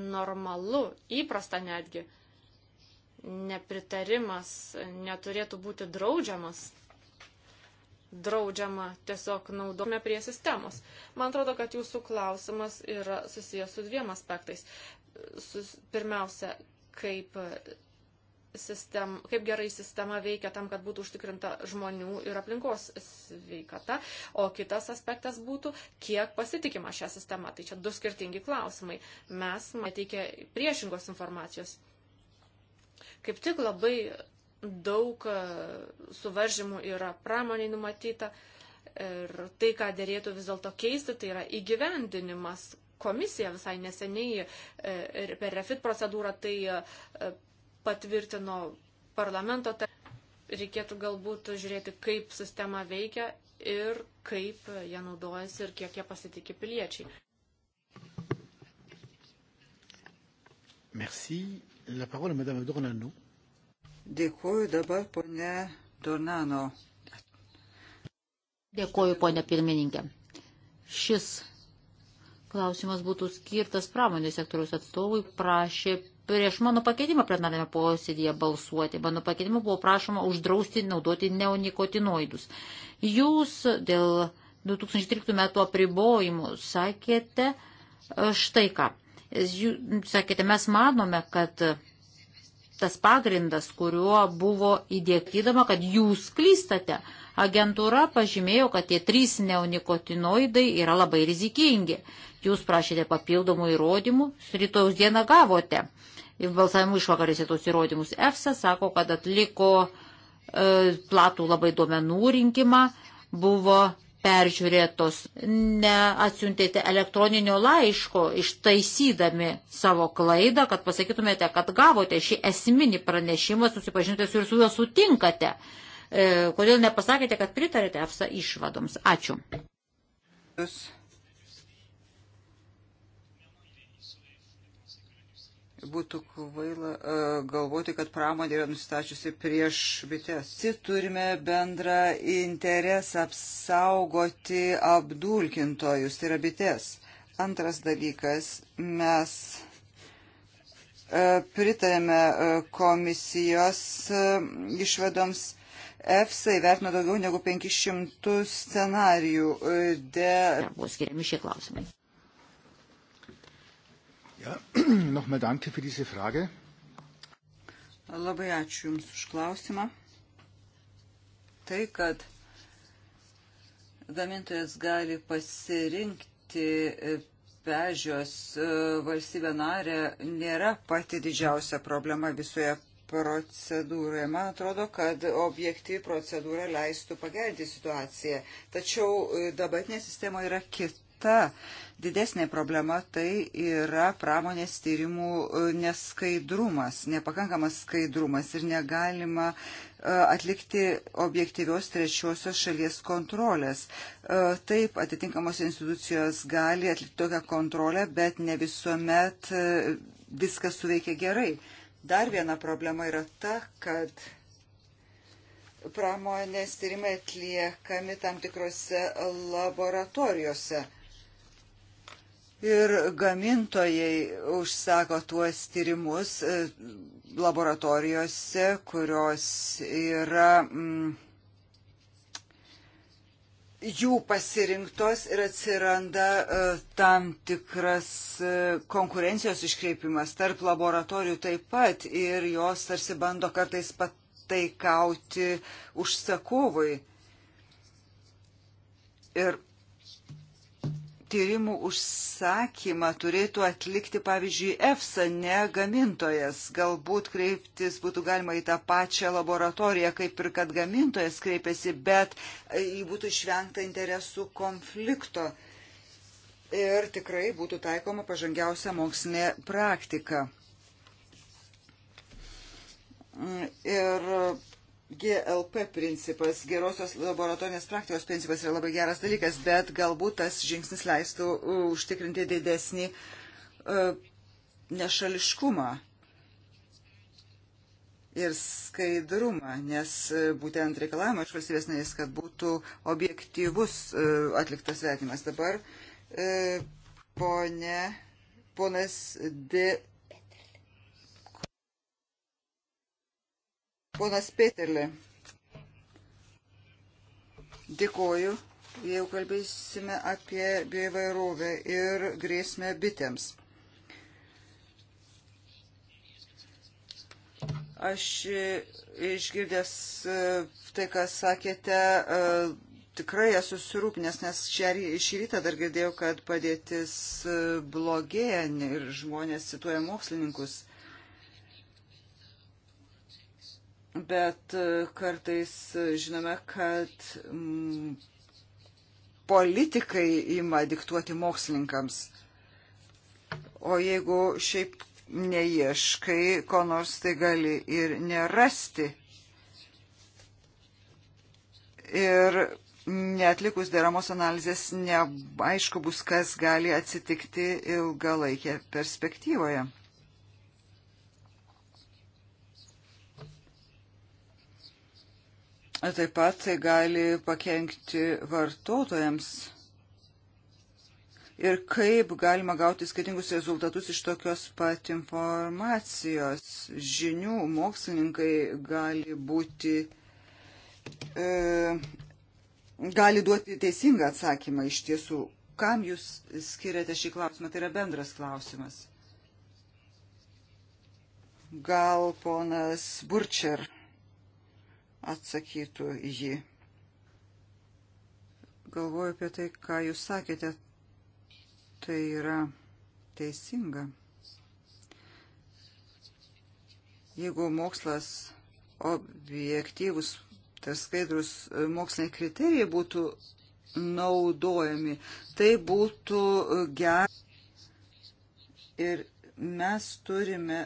normalu, įprasta netgi. Nepritarimas neturėtų būti draudžiamas draudžiama tiesiog naudojame prie sistemos. Man atrodo, kad jūsų klausimas yra susijęs su dviem aspektais. Sus, pirmiausia, kaip, sistem, kaip gerai sistema veikia tam, kad būtų užtikrinta žmonių ir aplinkos sveikata. O kitas aspektas būtų, kiek pasitikima šią sistemą. Tai čia du skirtingi klausimai. Mes matykė priešingos informacijos. Kaip tik labai daug e, suvaržymų yra pramoniai numatyta. Ir tai, ką dėrėtų vis dėlto keisti, tai yra įgyvendinimas. Komisija visai neseniai e, ir per refit procedūrą tai e, patvirtino parlamento. Reikėtų galbūt žiūrėti, kaip sistema veikia ir kaip jie naudojasi ir kiek jie pasitikė piliečiai. Merci. La parole à Madame Dornano. Dėkuoju dabar ponė Dornano. Dėkuoju ponė pirmininkė. Šis klausimas būtų skirtas pramonės sektoriaus atstovui, prašė prieš mano pakeitimą plenarinėme posėdėje balsuoti. Mano pakeitimu buvo prašoma uždrausti naudoti neonikotinoidus. Jūs dėl 2013 metų apribojimų sakėte e, štai ką. Jūs sakėte, mes manome, kad tas pagrindas, kuriuo buvo įdėkydama, kad jūs klystate. Agentūra pažymėjo, kad tie trys neonikotinoidai yra labai rizikingi. Jūs prašėte papildomų įrodymų, rytojaus dieną gavote. Balsavimų išvakarėse tos įrodymus EFSA sako, kad atliko e, platų labai duomenų rinkimą, buvo peržiūrėtos, neatsiuntėte elektroninio laiško ištaisydami savo klaidą, kad pasakytumėte, kad gavote šį esminį pranešimą, susipažinote su ir su juo sutinkate. E, kodėl nepasakėte, kad pritarėte EFSA išvadoms? Ačiū. Jūs. Būtų kvaila e, galvoti, kad pramonė yra nustačiusi prieš bites. Visi turime bendrą interesą apsaugoti apdulkintojus, tai yra bites. Antras dalykas, mes e, pritarėme e, komisijos išvedoms EFSA įvertino daugiau negu 500 scenarijų. De... Buvo skiriami šie klausimai. Ja, nochmal danke für diese Frage. Labai ačiū Jums už klausimą. Tai, kad gamintojas gali pasirinkti e, pežios e, valstybę narę, nėra pati didžiausia problema visoje procedūroje. Man atrodo, kad objektyvi procedūra leistų pagerinti situaciją. Tačiau e, dabartinė sistema yra kita kita didesnė problema tai yra pramonės tyrimų e, neskaidrumas, nepakankamas skaidrumas ir negalima e, atlikti objektyvios trečiosios šalies kontrolės. E, taip, atitinkamos institucijos gali atlikti tokią kontrolę, bet ne visuomet viskas suveikia gerai. Dar viena problema yra ta, kad pramonės tyrimai atliekami tam tikrose laboratorijose Ir gamintojai užsako tuos tyrimus e, laboratorijose, kurios yra mm, jų pasirinktos ir atsiranda e, tam tikras e, konkurencijos iškreipimas tarp laboratorijų taip pat ir jos tarsi bando kartais pataikauti užsakovui. Ir tyrimų užsakymą turėtų atlikti, pavyzdžiui, EFSA, ne gamintojas. Galbūt kreiptis būtų galima į tą pačią laboratoriją, kaip ir kad gamintojas kreipiasi, bet jį būtų išvengta interesų konflikto. Ir tikrai būtų taikoma pažangiausia mokslinė praktika. Ir GLP principas, gerosios laboratorinės praktikos principas yra labai geras dalykas, bet galbūt tas žingsnis leistų užtikrinti didesnį nešališkumą ir skaidrumą, nes būtent reikalavimo iš valstybės narės, kad būtų objektyvus atliktas vertinimas. Dabar e, pone, ponas D. Ponas Peterle. Dėkoju, jau kalbėsime apie bioįvairovę ir grėsmę bitėms. Aš išgirdęs e, tai, ką sakėte, e, tikrai esu susirūpinęs, nes šį rytą dar girdėjau, kad padėtis e, blogėja ir žmonės cituoja mokslininkus. bet e, kartais e, žinome, kad mm, politikai ima diktuoti mokslininkams. O jeigu šiaip neieškai, ko nors tai gali ir nerasti. Ir netlikus deramos analizės neaišku bus, kas gali atsitikti ilgalaikė perspektyvoje. Taip pat tai gali pakengti vartotojams. Ir kaip galima gauti skirtingus rezultatus iš tokios pat informacijos. Žinių mokslininkai gali būti. E, gali duoti teisingą atsakymą iš tiesų. Kam jūs skiriate šį klausimą? Tai yra bendras klausimas. Gal ponas Burčer atsakytų į jį. Galvoju apie tai, ką jūs sakėte, tai yra teisinga. Jeigu mokslas objektyvus, tai skaidrus e, moksliniai kriterijai būtų naudojami, tai būtų gerai. Ir mes turime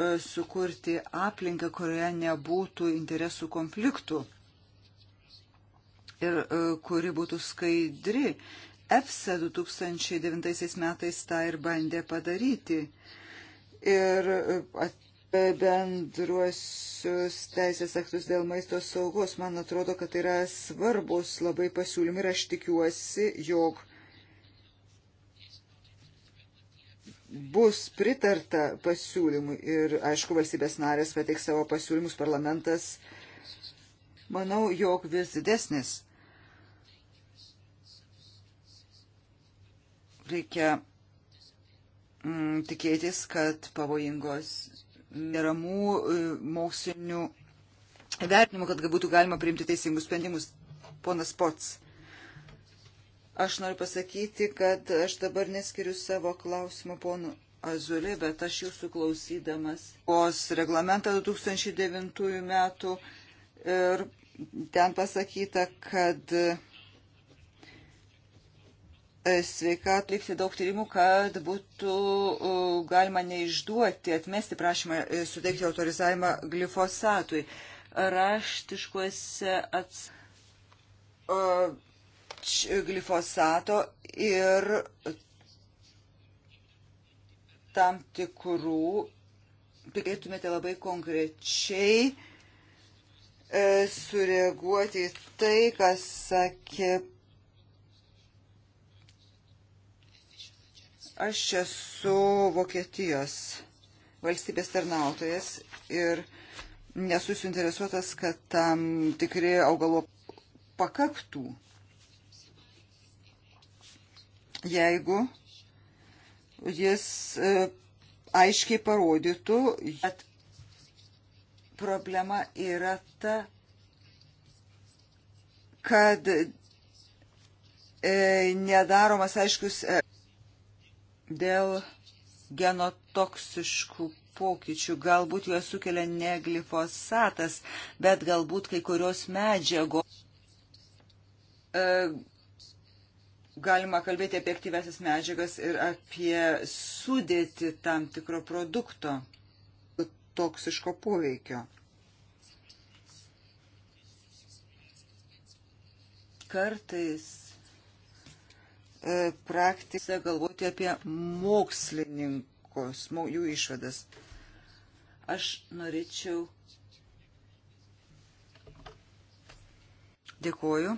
E, sukurti aplinką, kurioje nebūtų interesų konfliktų ir e, kuri būtų skaidri. EFSA 2009 metais tą ir bandė padaryti. Ir e, bendruosius teisės aktus dėl maisto saugos, man atrodo, kad tai yra svarbus labai pasiūlymai ir aš tikiuosi, jog bus pritarta pasiūlymui ir, aišku, valstybės narės pateiks savo pasiūlymus, parlamentas, manau, jog vis didesnis. Reikia mm, tikėtis, kad pavojingos neramų e, mokslinių vertinimų, kad būtų galima priimti teisingus sprendimus. Ponas Pots. Aš noriu pasakyti, kad aš dabar neskiriu savo klausimą ponu Azulė, bet aš jūsų klausydamas. POS reglamentą 2009 metų ir ten pasakyta, kad e, sveika atlikti daug tyrimų, kad būtų galima neišduoti, atmesti prašymą e, suteikti autorizavimą glifosatui. Raštiškuose atsakymų glifosato ir tam tikrų, galėtumėte labai konkrečiai e, sureaguoti į tai, kas sakė. Aš esu Vokietijos valstybės tarnautojas ir nesusinteresuotas, kad tam tikri augalo pakaktų jeigu jis e, aiškiai parodytų, kad problema yra ta, kad e, nedaromas aiškus e, dėl genotoksiškų pokyčių. Galbūt juos sukelia ne glifosatas, bet galbūt kai kurios medžiagos. E, galima kalbėti apie aktyvesias medžiagas ir apie sudėti tam tikro produkto toksiško poveikio. Kartais e, praktikose galvoti apie mokslininkus, jų išvadas. Aš norėčiau. Dėkuoju.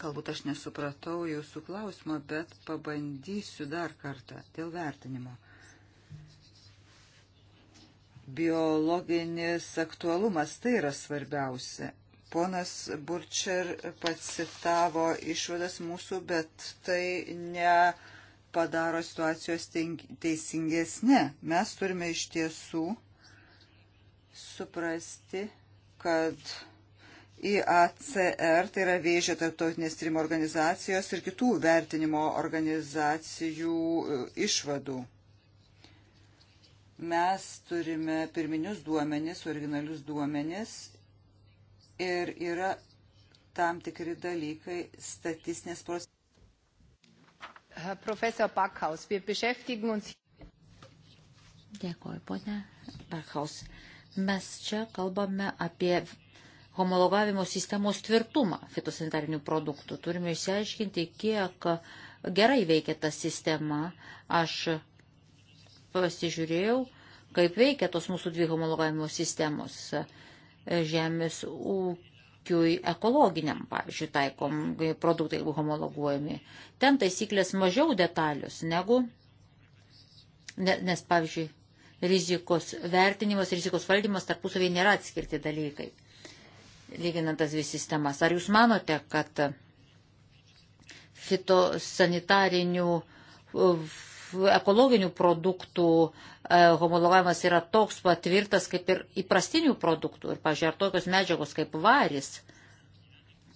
Galbūt aš nesupratau jūsų klausimo, bet pabandysiu dar kartą dėl vertinimo. Biologinis aktualumas tai yra svarbiausia. Ponas Burčer pacitavo išvadas mūsų, bet tai ne padaro situacijos teisingesnė. Mes turime iš tiesų suprasti, kad IACR, tai yra vėžio tarptautinės tyrimo organizacijos ir kitų vertinimo organizacijų e, išvadų. Mes turime pirminius duomenis, originalius duomenis ir yra tam tikri dalykai statistinės procesos. Profesor Backhaus, wir beschäftigen uns. Dėkuoju, ponia Backhaus. Mes čia kalbame apie homologavimo sistemos tvirtumą fitosanitarinių produktų. Turime išsiaiškinti, kiek gerai veikia ta sistema. Aš pasižiūrėjau, kaip veikia tos mūsų dvi homologavimo sistemos e, žemės ūkiui ekologiniam, pavyzdžiui, taikom produktai homologuojami. Ten taisyklės mažiau detalius negu, nes, pavyzdžiui, rizikos vertinimas, rizikos valdymas tarpusavėje nėra atskirti dalykai lyginantas vis sistemas. Ar jūs manote, kad fitosanitarinių ekologinių produktų e, homologavimas yra toks patvirtas kaip ir įprastinių produktų. Ir, pažiūrėjau, ar tokios medžiagos kaip varis,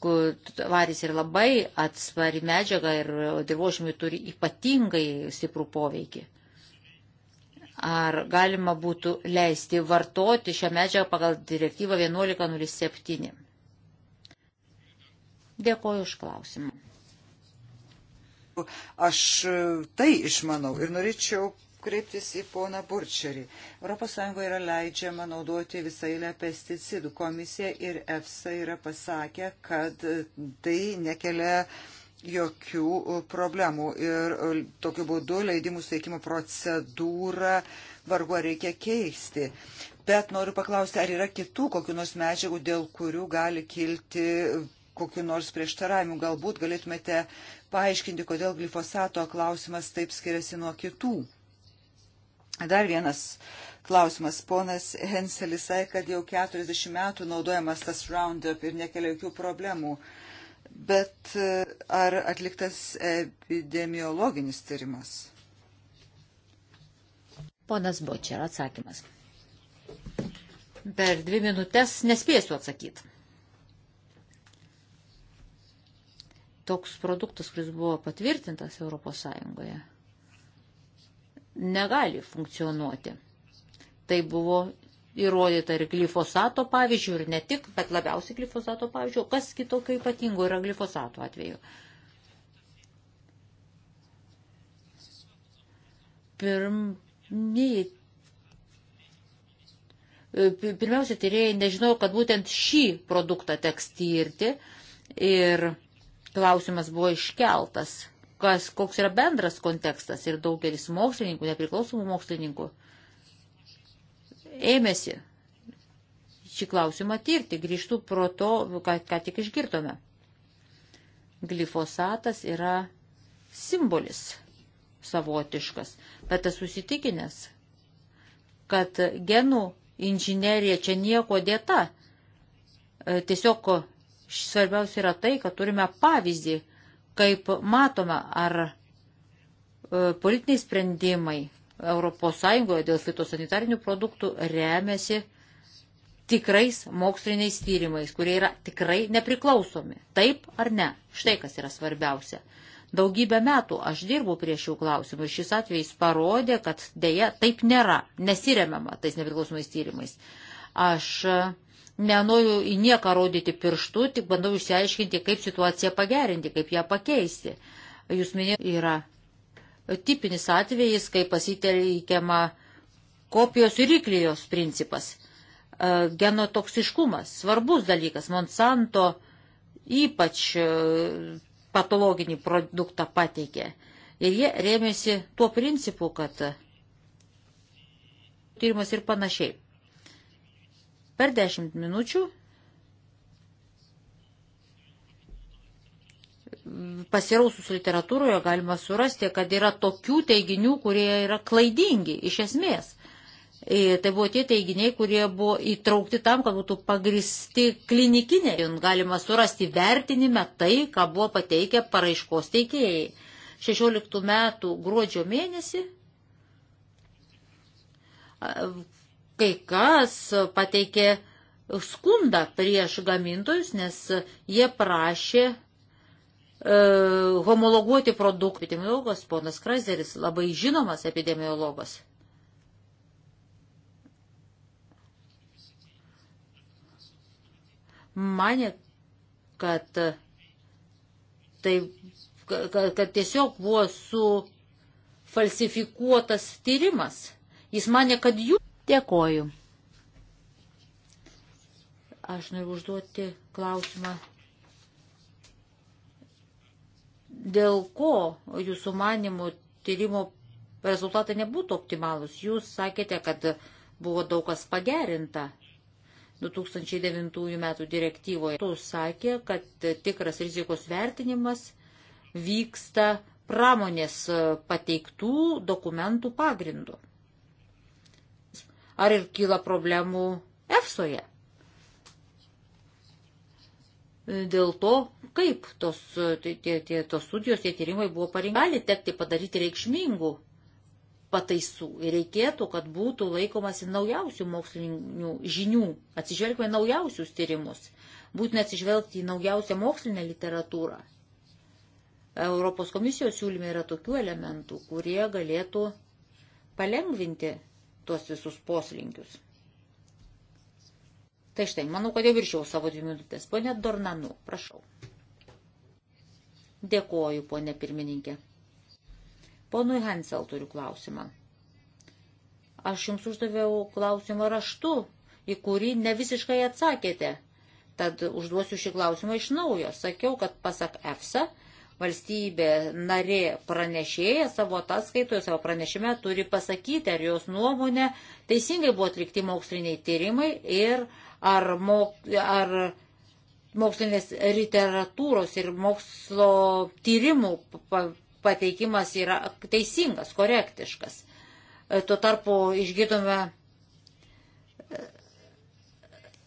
kur varis yra labai atspari medžiaga ir dirbožymiai turi ypatingai stiprų poveikį ar galima būtų leisti vartoti šią medžiagą pagal direktyvą 1107. Dėkoju už klausimą. Aš tai išmanau ir norėčiau kreiptis į poną Burčerį. ES yra leidžiama naudoti visą eilę pesticidų. Komisija ir EFSA yra pasakę, kad tai nekelia jokių uh, problemų ir uh, tokiu būdu leidimų suteikimo procedūrą vargu ar reikia keisti. Bet noriu paklausti, ar yra kitų kokių nors medžiagų, dėl kurių gali kilti uh, kokiu nors prieštaravimu. Galbūt galėtumėte paaiškinti, kodėl glifosato klausimas taip skiriasi nuo kitų. Dar vienas klausimas. Ponas Henselis sakė, kad jau 40 metų naudojamas tas Roundup ir nekelia jokių problemų. Uh, Bet e, ar atliktas epidemiologinis tyrimas? Ponas Bočer, atsakymas. Per dvi minutės nespėsiu atsakyti. Toks produktas, kuris buvo patvirtintas ES, negali funkcionuoti. Tai buvo įrodyta ir glifosato pavyzdžių, ir ne tik, bet labiausiai glifosato pavyzdžių, kas kitokio ypatingo yra glifosato atveju. Pirmieji. Pirmiausia, tyrėjai nežinojo, kad būtent šį produktą teks tyrti ir klausimas buvo iškeltas, kas, koks yra bendras kontekstas ir daugelis mokslininkų, nepriklausomų mokslininkų, uh, ėmėsi šį klausimą tirti. Grįžtų pro to, ką, ką tik išgirdome. Glifosatas yra simbolis savotiškas, bet esu įsitikinęs, kad genų inžinerija čia nieko dėta. E, tiesiog svarbiausia yra tai, kad turime pavyzdį, kaip matome, ar e, politiniai sprendimai ES dėl fitosanitarinių produktų remiasi tikrais moksliniais tyrimais, kurie yra tikrai nepriklausomi. Taip ar ne? Štai kas yra svarbiausia. Daugybę metų aš dirbu prie šių klausimų ir šis atvejis parodė, kad dėja taip nėra, nesiremiama tais nepriklausomais tyrimais. Aš e, nenoriu į nieką rodyti pirštų, tik bandau išsiaiškinti, kaip situaciją pagerinti, kaip ją pakeisti. Jūs minėjote, yra tipinis atvejis, kai pasitelkiama kopijos ir įklijos principas. E, genotoksiškumas, svarbus dalykas. Monsanto ypač e, patologinį produktą pateikė. Ir jie rėmėsi tuo principu, kad tyrimas ir panašiai. Per dešimt minučių pasirausus literatūroje galima surasti, kad yra tokių teiginių, kurie yra klaidingi iš esmės. Ir e, tai buvo tie teiginiai, kurie buvo įtraukti tam, kad būtų pagristi klinikinė. Galima surasti vertinime tai, ką buvo pateikę paraiškos teikėjai. 16 metų gruodžio mėnesį kai kas pateikė skundą prieš gamintojus, nes jie prašė E, homologuoti produktų. Epidemiologas ponas Krazeris, labai žinomas epidemiologas. Mane, kad tai, kad, kad tiesiog buvo sufalsifikuotas tyrimas. Jis mane, kad jų. Dėkoju. Aš noriu užduoti klausimą dėl ko jūsų manimų tyrimo rezultatai nebūtų optimalūs. Jūs sakėte, kad buvo daug kas pagerinta 2009 metų direktyvoje. Tu sakė, kad tikras rizikos vertinimas vyksta pramonės pateiktų dokumentų pagrindu. Ar ir kyla problemų EFSOje? dėl to, kaip tos, tai tie, tie, tos studijos, tie tyrimai buvo parinkti. Gali tekti padaryti reikšmingų pataisų ir reikėtų, kad būtų laikomasi naujausių mokslinių žinių, atsižvelgime naujausius tyrimus, būtina atsižvelgti į naujausią mokslinę literatūrą. Europos komisijos siūlyme yra tokių elementų, kurie galėtų palengvinti tuos visus poslinkius. Tai štai, manau, kad jau viršiau savo dvi minutės. Pone Dornanu, prašau. Dėkoju, ponė pirmininkė. Ponui Hansel turiu klausimą. Aš jums uždaviau klausimą raštu, į kurį ne visiškai atsakėte. Tad užduosiu šį klausimą iš naujo. Sakiau, kad pasak EFSA valstybė narė pranešėja savo ataskaitoje, savo pranešime turi pasakyti, ar jos nuomonė teisingai buvo atlikti moksliniai tyrimai ir ar, mok, ar mokslinės literatūros ir mokslo tyrimų pateikimas yra teisingas, korektiškas. E, tuo tarpu išgirdome ir,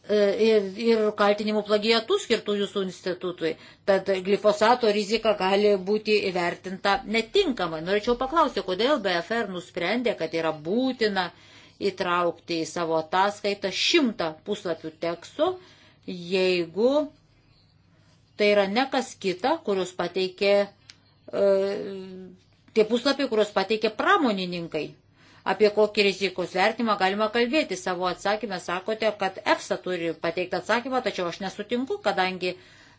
e, e, ir kaltinimų plagiatų skirtų jūsų institutui. Tad glifosato rizika gali būti įvertinta netinkamai. Norėčiau paklausti, kodėl BFR nusprendė, kad yra būtina uh, įtraukti į savo ataskaitą šimtą puslapių tekstų, jeigu tai yra ne kas kita, kurios pateikė, e, tie puslapiai, kurios pateikė pramonininkai. Apie kokį rizikos vertimą galima kalbėti. Savo atsakymę sakote, kad EFSA turi pateikti atsakymą, tačiau aš nesutinku, kadangi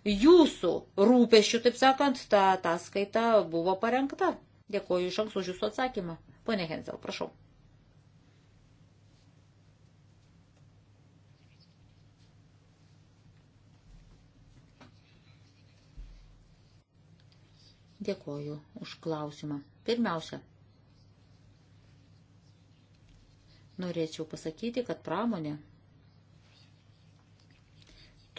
jūsų rūpeščių, taip sakant, ta ataskaita buvo parengta. Dėkuoju iš anksto už jūsų atsakymą. Pone Henzel, prašau. Dėkoju už klausimą. Pirmiausia, norėčiau pasakyti, kad pramonė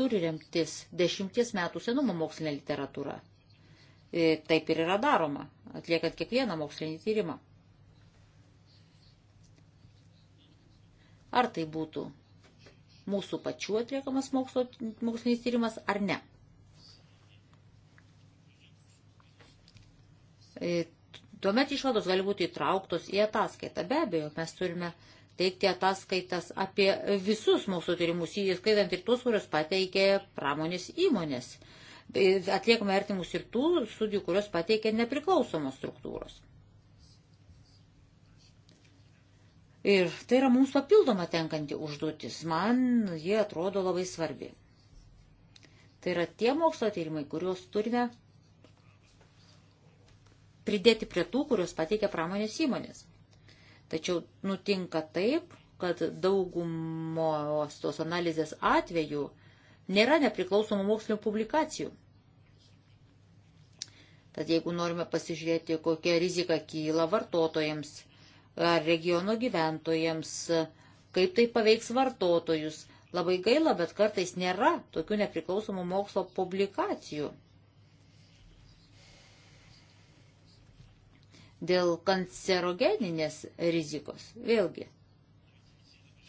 turi remtis dešimties metų senumo mokslinė literatūra. E, taip ir yra daroma, atliekant kiekvieną mokslinį tyrimą. Ar tai būtų mūsų pačių atliekamas mokslo, mokslinis tyrimas ar ne. E, tuomet išvados gali būti įtrauktos į ataskaitą. Be abejo, mes turime teikti ataskaitas apie visus mūsų tyrimus, įskaitant ir tuos, kurios pateikė pramonės įmonės. E, atliekame vertimus ir tų studijų, kurios pateikė nepriklausomos struktūros. Ir tai yra mums papildoma tenkanti užduotis. Man jie atrodo labai svarbi. Tai yra tie mokslo tyrimai, kuriuos turime pridėti prie tų, kurios pateikia pramonės įmonės. Tačiau nutinka taip, kad daugumos tos analizės atveju nėra nepriklausomų mokslinio publikacijų. Tad jeigu norime pasižiūrėti, kokia rizika kyla vartotojams ar regiono gyventojams, kaip tai paveiks vartotojus, labai gaila, bet kartais nėra tokių nepriklausomų mokslo publikacijų dėl kancerogeninės rizikos. Vėlgi,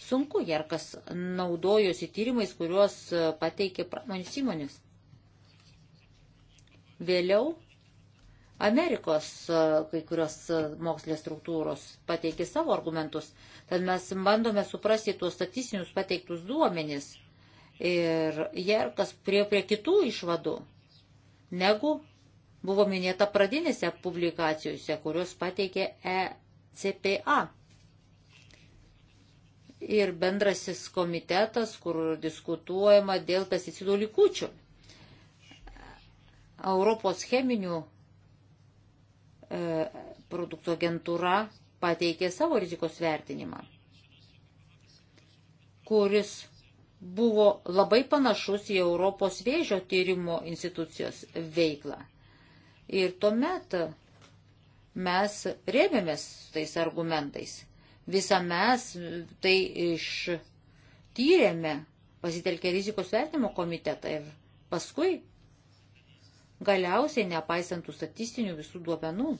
sunku, ar kas naudojosi tyrimais, kuriuos e, pateikė pramonės įmonės. Vėliau Amerikos e, kai kurios e, mokslės struktūros pateikė savo argumentus, tad mes bandome suprasti tuos statistinius pateiktus duomenis ir jerkas prie, prie kitų išvadų negu buvo minėta pradinėse publikacijose, kurios pateikė ECPA. Ir bendrasis komitetas, kur diskutuojama dėl pesticidų likučių. Europos cheminių e, produktų agentūra pateikė savo rizikos vertinimą, kuris buvo labai panašus į Europos vėžio tyrimo institucijos veiklą. Ir tuomet mes rėmėmės tais argumentais. Visą mes tai ištyrėme, pasitelkė rizikos vertimo komitetą ir paskui galiausiai nepaisant tų statistinių visų duomenų.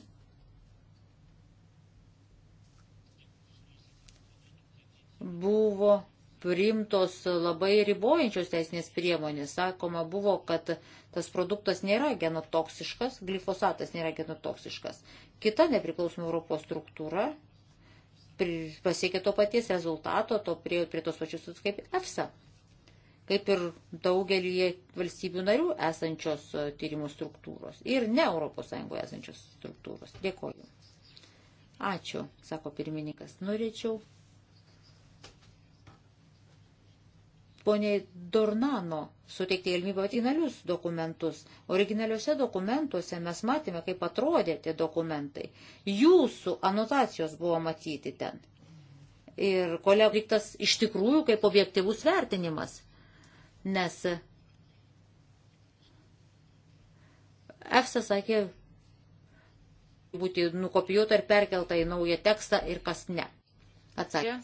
Buvo priimtos labai ribojančios teisinės priemonės. Sakoma buvo, kad tas produktas nėra genotoksiškas, glifosatas nėra genotoksiškas. Kita nepriklausoma Europos struktūra pasiekė to paties rezultato, to prie, prie tos pačios kaip EFSA, kaip ir daugelį valstybių narių esančios e, tyrimų struktūros ir ne Europos Sąjungoje esančios struktūros. Dėkoju. Ačiū, sako pirmininkas. Norėčiau poniai Dornano suteikti galimybę originalius dokumentus. Originaliuose dokumentuose mes matėme, kaip atrodė tie dokumentai. Jūsų anotacijos buvo matyti ten. Ir kolegiktas iš tikrųjų kaip objektivus vertinimas. Nes EFSA sakė būti nukopijuota ir perkelta į naują tekstą ir kas ne. Atsakė.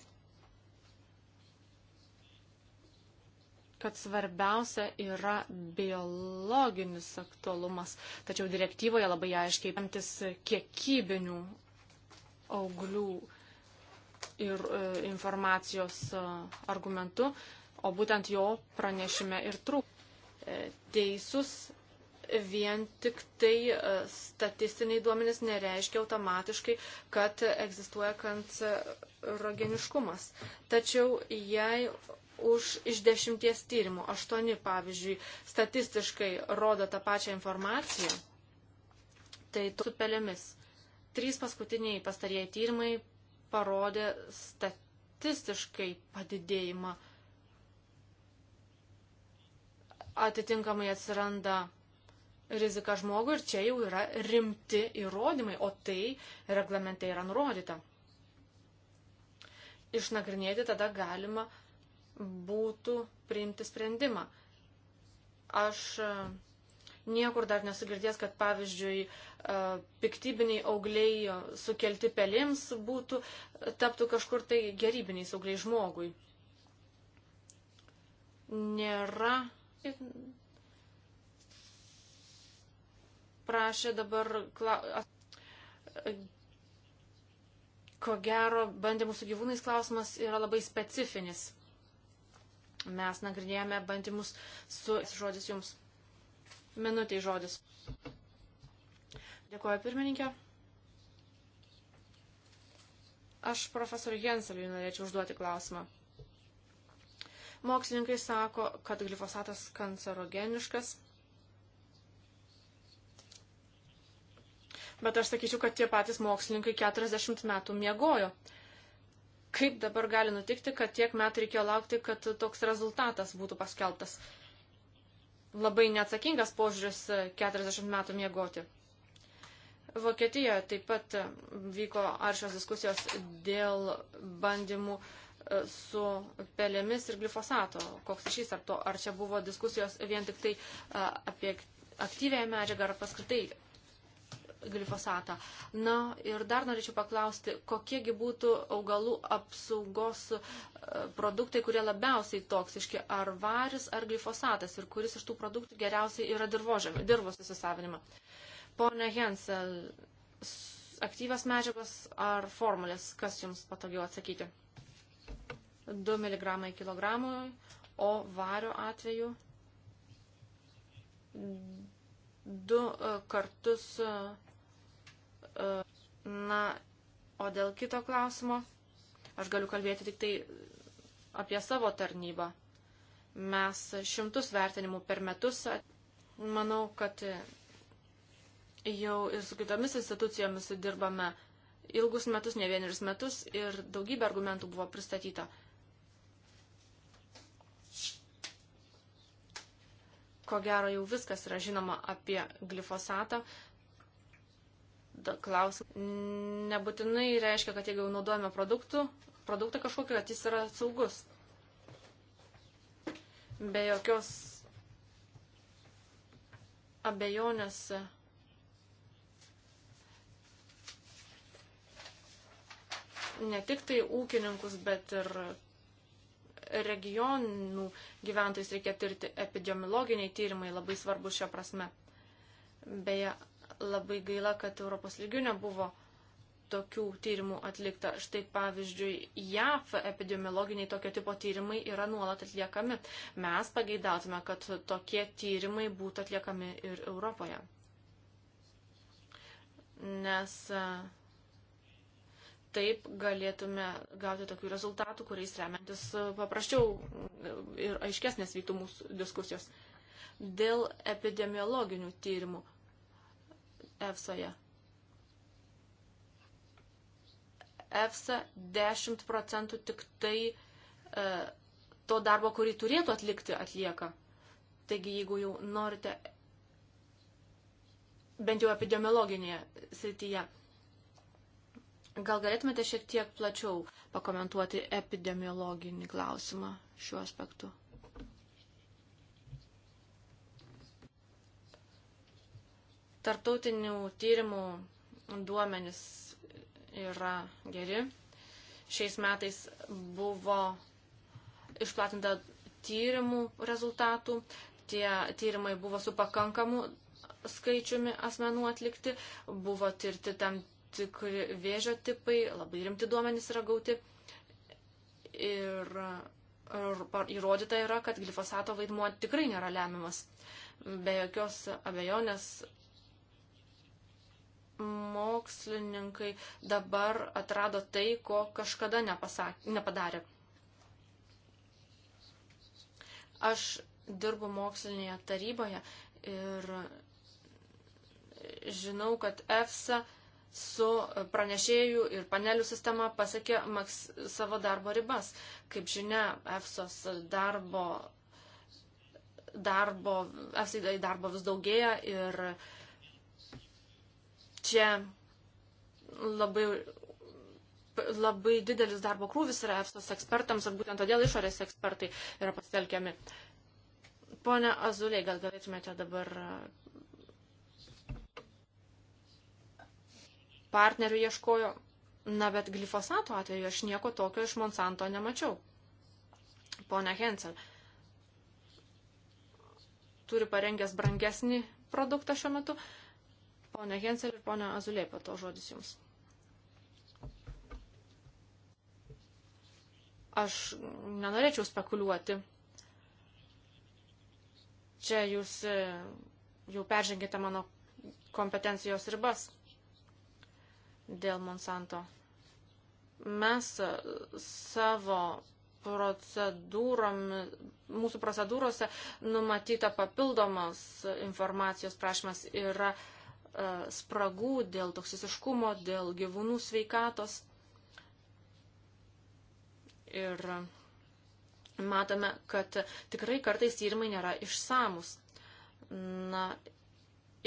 kad svarbiausia yra biologinis aktualumas, tačiau direktyvoje labai aiškiai pamtis kiekybinių auglių ir e, informacijos e, argumentu, o būtent jo pranešime ir trūk. E, teisus vien tik tai e, statistiniai duomenys nereiškia automatiškai, kad egzistuoja kancerogeniškumas. Tačiau jei už iš dešimties tyrimų. Aštuoni, pavyzdžiui, statistiškai rodo tą pačią informaciją. Tai su pelėmis. Trys paskutiniai pastarieji tyrimai parodė statistiškai padidėjimą. Atitinkamai atsiranda rizika žmogui ir čia jau yra rimti įrodymai, o tai reglamente yra nurodyta. Išnagrinėti tada galima būtų priimti sprendimą. Aš e, niekur dar nesugirdės, kad pavyzdžiui e, piktybiniai augliai sukelti pelėms būtų, taptų kažkur tai gerybiniais augliai žmogui. Nėra. Prašė dabar. Kla... Ko gero, bandymų su gyvūnais klausimas yra labai specifinis. Mes nagrinėjame bandymus su žodis jums. Minutė žodis. Dėkuoju pirmininkė. Aš profesoriu Jenseliui norėčiau užduoti klausimą. Mokslininkai sako, kad glifosatas kancerogeniškas. Bet aš sakyčiau, kad tie patys mokslininkai 40 metų miegojo kaip dabar gali nutikti, kad tiek metų reikėjo laukti, kad toks rezultatas būtų paskelbtas. Labai neatsakingas požiūris 40 e, metų miegoti. Vokietijoje taip pat e, vyko aršios diskusijos dėl bandymų e, su pelėmis ir glifosato. Koks ryšys ar to? Ar čia buvo diskusijos vien tik tai apie aktyvėją medžiagą ar paskritai glifosatą. Na ir dar norėčiau paklausti, kokiegi būtų augalų apsaugos e, produktai, kurie labiausiai toksiški, ar varis, ar glifosatas, ir kuris iš tų produktų geriausiai yra dirbožėme, dirbos įsisavinimą. Pone Hensel, aktyvios medžiagos ar formulės, kas jums patogiau atsakyti? 2 mg kg, o vario atveju du e, kartus e, Na, o dėl kito klausimo, aš galiu kalbėti tik tai apie savo tarnybą. Mes šimtus vertinimų per metus, manau, kad jau ir su kitomis institucijomis dirbame ilgus metus, ne vienerius metus ir daugybė argumentų buvo pristatyta. Ko gero jau viskas yra žinoma apie glifosatą, klausimą nebūtinai reiškia, kad jeigu jau naudojame produktų, produktą kažkokį, kad jis yra saugus. Be jokios abejonės ne tik tai ūkininkus, bet ir regionų gyventojus reikia tirti epidemiologiniai tyrimai, labai svarbu šią prasme. Beje, labai gaila, kad Europos lygių nebuvo tokių tyrimų atlikta. Štai pavyzdžiui, JAF epidemiologiniai tokio tipo tyrimai yra nuolat atliekami. Mes pageidautume, kad tokie tyrimai būtų atliekami ir Europoje. Nes e, taip galėtume gauti tokių rezultatų, kuriais remiantis e, paprasčiau e, ir aiškesnės vyktų mūsų diskusijos. Dėl epidemiologinių tyrimų EFSA-je. EFSA 10 procentų tik tai e, to darbo, kurį turėtų atlikti, atlieka. Taigi, jeigu jau norite, bent jau epidemiologinėje srityje, gal galėtumėte šiek tiek plačiau pakomentuoti epidemiologinį klausimą šiuo aspektu. Tartautinių tyrimų duomenys yra geri. Šiais metais buvo išplatinta tyrimų rezultatų. Tie tyrimai buvo su pakankamu skaičiumi asmenų atlikti, buvo tirti tam tikri vėžio tipai, labai rimti duomenys yra gauti. Ir, ir įrodyta yra, kad glifosato vaidmuo tikrai nėra lemiamas. Be jokios abejonės mokslininkai dabar atrado tai, ko kažkada nepasakė, nepadarė. Aš dirbu mokslinėje taryboje ir žinau, kad EFSA su pranešėjų ir panelių sistema pasiekė maks, savo darbo ribas. Kaip žinia, EFSOS darbo, darbo, EFSA darbo vis daugėja ir uh, Čia labai, labai didelis darbo krūvis yra EFSOS ekspertams ir būtent todėl išorės ekspertai yra pasitelkiami. Pone Azulė, gal galėtumėte dabar uh, partnerių ieškojo. Na, bet glifosato atveju aš nieko tokio iš Monsanto nemačiau. Pone Hensel turi parengęs brangesnį produktą šiuo metu, Pone Hensel ir pone Azulė, pato žodis jums. Aš nenorėčiau spekuliuoti. Čia jūs e, jau peržengėte mano kompetencijos ribas dėl Monsanto. Mes e, savo mūsų procedūrose numatyta papildomas informacijos prašymas yra E, spragų, dėl toksiškumo, dėl gyvūnų sveikatos. Ir matome, kad tikrai kartais tyrimai nėra išsamus. Na,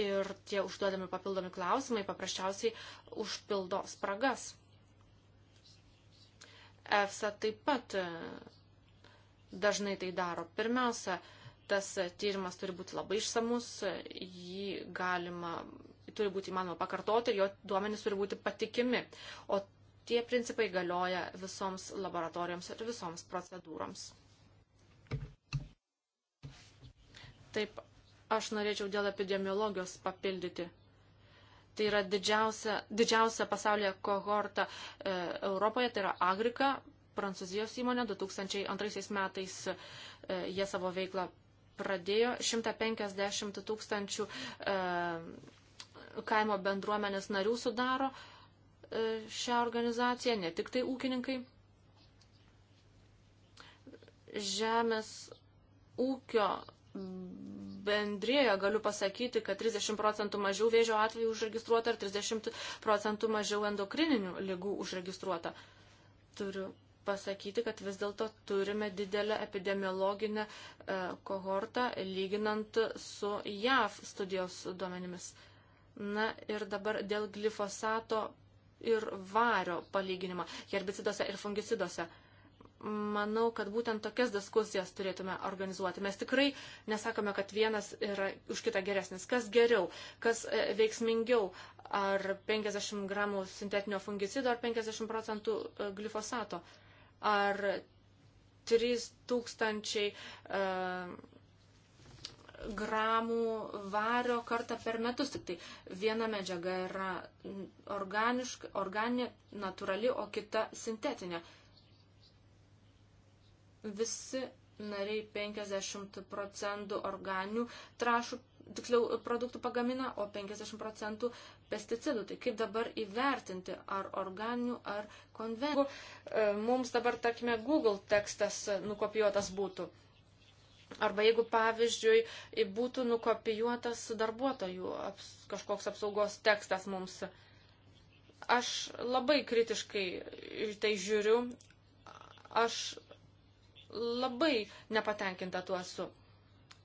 ir tie užduodami papildomi klausimai paprasčiausiai užpildo spragas. EFSA taip pat e, dažnai tai daro. Pirmiausia, tas tyrimas turi būti labai išsamus, jį galima turi būti įmanoma pakartoti ir jo duomenys turi būti patikimi. O tie principai galioja visoms laboratorijoms ir visoms procedūroms. Taip, aš norėčiau dėl epidemiologijos papildyti. Tai yra didžiausia, didžiausia pasaulyje kohorta e, Europoje, tai yra Agrika, prancūzijos įmonė 2002 metais e, jie savo veiklą pradėjo 150 tūkstančių e, kaimo bendruomenės narių sudaro e, šią organizaciją, ne tik tai ūkininkai. Žemės ūkio bendrėje galiu pasakyti, kad 30 procentų mažiau vėžio atvejų užregistruota ir 30 procentų mažiau endokrininių lygų užregistruota. Turiu pasakyti, kad vis dėlto turime didelę epidemiologinę e, kohortą lyginant su JAV studijos duomenimis. Na ir dabar dėl glifosato ir vario palyginimo herbiciduose ir fungiciduose. Manau, kad būtent tokias diskusijas turėtume organizuoti. Mes tikrai nesakome, kad vienas yra už kitą geresnis. Kas geriau, kas e, veiksmingiau, ar 50 gramų sintetinio fungicido, ar 50 procentų e, glifosato, ar 3000 uh, gramų vario kartą per metus. Tik tai viena medžiaga yra organiška, organinė, natūrali, o kita sintetinė. Visi nariai 50 procentų organinių trašų, tiksliau produktų pagamina, o 50 procentų pesticidų. Tai kaip dabar įvertinti, ar organinių, ar konvencijų. E, mums dabar, tarkime, Google tekstas nukopijuotas būtų. Arba jeigu, pavyzdžiui, būtų nukopijuotas darbuotojų aps, kažkoks apsaugos tekstas mums. Aš labai kritiškai tai žiūriu. Aš labai nepatenkinta tuo esu.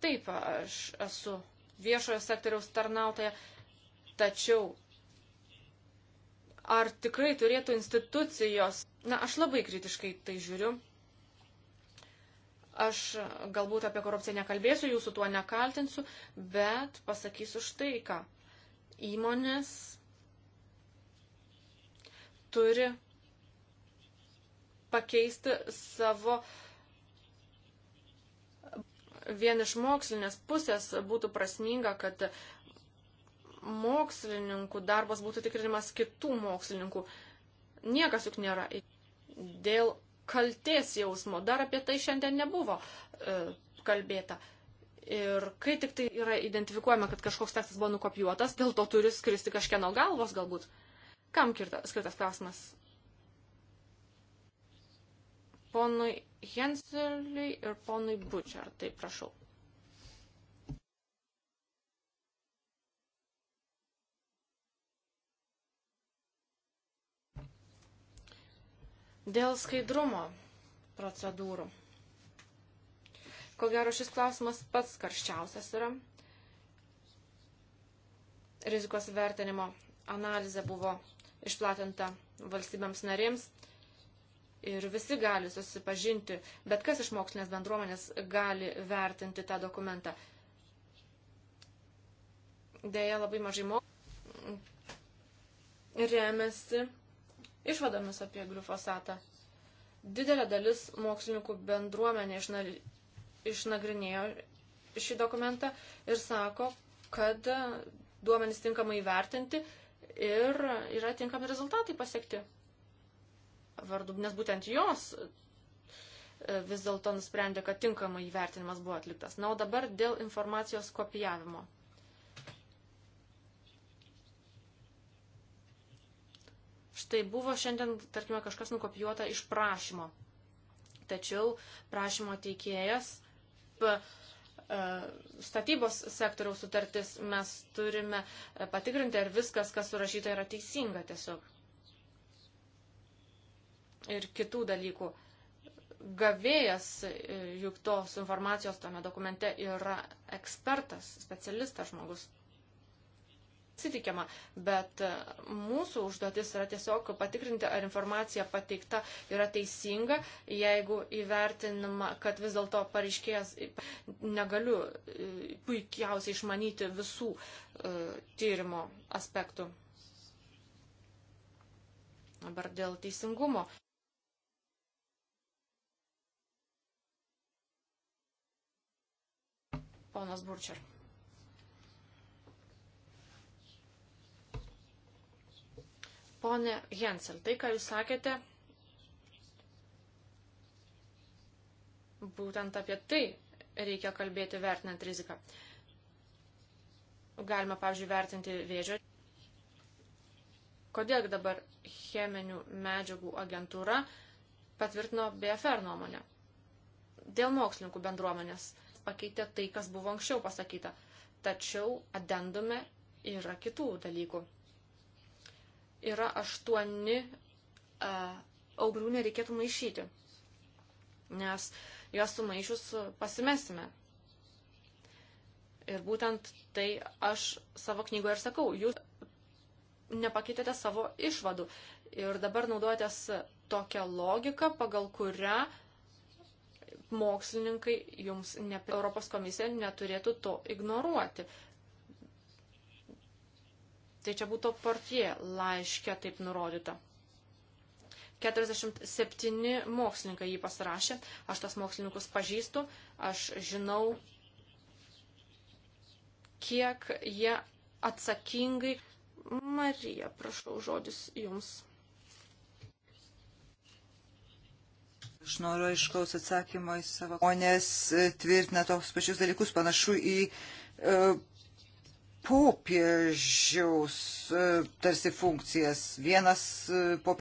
Taip, aš esu viešojo sektoriaus tarnautoja, tačiau ar tikrai turėtų institucijos. Na, aš labai kritiškai tai žiūriu. Aš galbūt apie korupciją nekalbėsiu, jūsų tuo nekaltinsiu, bet pasakysiu štai ką. Įmonės turi pakeisti savo vien iš mokslinės pusės būtų prasminga, kad mokslininkų darbas būtų tikrinimas kitų mokslininkų. Niekas juk nėra. Dėl kalties jausmo. Dar apie tai šiandien nebuvo e, kalbėta. Ir kai tik tai yra identifikuojama, kad kažkoks tekstas buvo nukopijuotas, dėl to turi skristi kažkieno galvos galbūt. Kam kirta, skirtas klausimas? Ponui Jenseliui ir ponui Bučer, tai prašau. Dėl skaidrumo procedūrų. Ko gero šis klausimas pats karščiausias yra. Rizikos vertinimo analizė buvo išplatinta valstybėms narėms ir visi gali susipažinti, bet kas iš mokslinės bendruomenės gali vertinti tą dokumentą. Deja, labai mažai mokslų remiasi išvadomis apie glifosatą. Didelė dalis mokslininkų bendruomenė išnagrinėjo šį dokumentą ir sako, kad duomenys tinkamai vertinti ir yra tinkami rezultatai pasiekti. Vardu, nes būtent jos e, vis dėlto nusprendė, kad tinkamai įvertinimas buvo atliktas. Na, o dabar dėl informacijos kopijavimo. štai buvo šiandien, tarkime, kažkas nukopijuota iš prašymo. Tačiau prašymo teikėjas p, e, statybos sektoriaus sutartis mes turime e, patikrinti, ar viskas, kas surašyta, yra teisinga tiesiog. Ir kitų dalykų. Gavėjas e, juk tos informacijos tame dokumente yra ekspertas, specialistas žmogus pasitikima, bet e, mūsų užduotis yra tiesiog patikrinti, ar informacija pateikta yra teisinga, jeigu įvertinama, kad vis dėlto pareiškėjas negaliu e, puikiausiai išmanyti visų e, tyrimo aspektų. Dabar dėl teisingumo. Ponas Burčer. Pone Jensel, tai, ką jūs sakėte, būtent apie tai reikia kalbėti vertinant riziką. Galima, pavyzdžiui, vertinti vėžio. Kodėl dabar cheminių medžiagų agentūra patvirtino BFR nuomonę? Dėl mokslininkų bendruomenės pakeitė tai, kas buvo anksčiau pasakyta. Tačiau adendume yra kitų dalykų yra aštuoni e, auglių nereikėtų maišyti, nes juos sumaišius pasimesime. Ir būtent tai aš savo knygoje ir sakau, jūs nepakeitėte savo išvadų ir dabar naudojatės tokią logiką, pagal kurią mokslininkai jums, ne, Europos komisija neturėtų to ignoruoti. Tai čia būtų portie laiškė taip nurodyta. 47 mokslininkai jį pasirašė, aš tas mokslininkus pažįstu, aš žinau, kiek jie atsakingai. Marija, prašau, žodis jums. Aš noriu išklaus atsakymo į savo. Žmonės tvirtina toks pačius dalykus, panašu į e, popiežiaus e, tarsi funkcijas. Vienas e, popiežius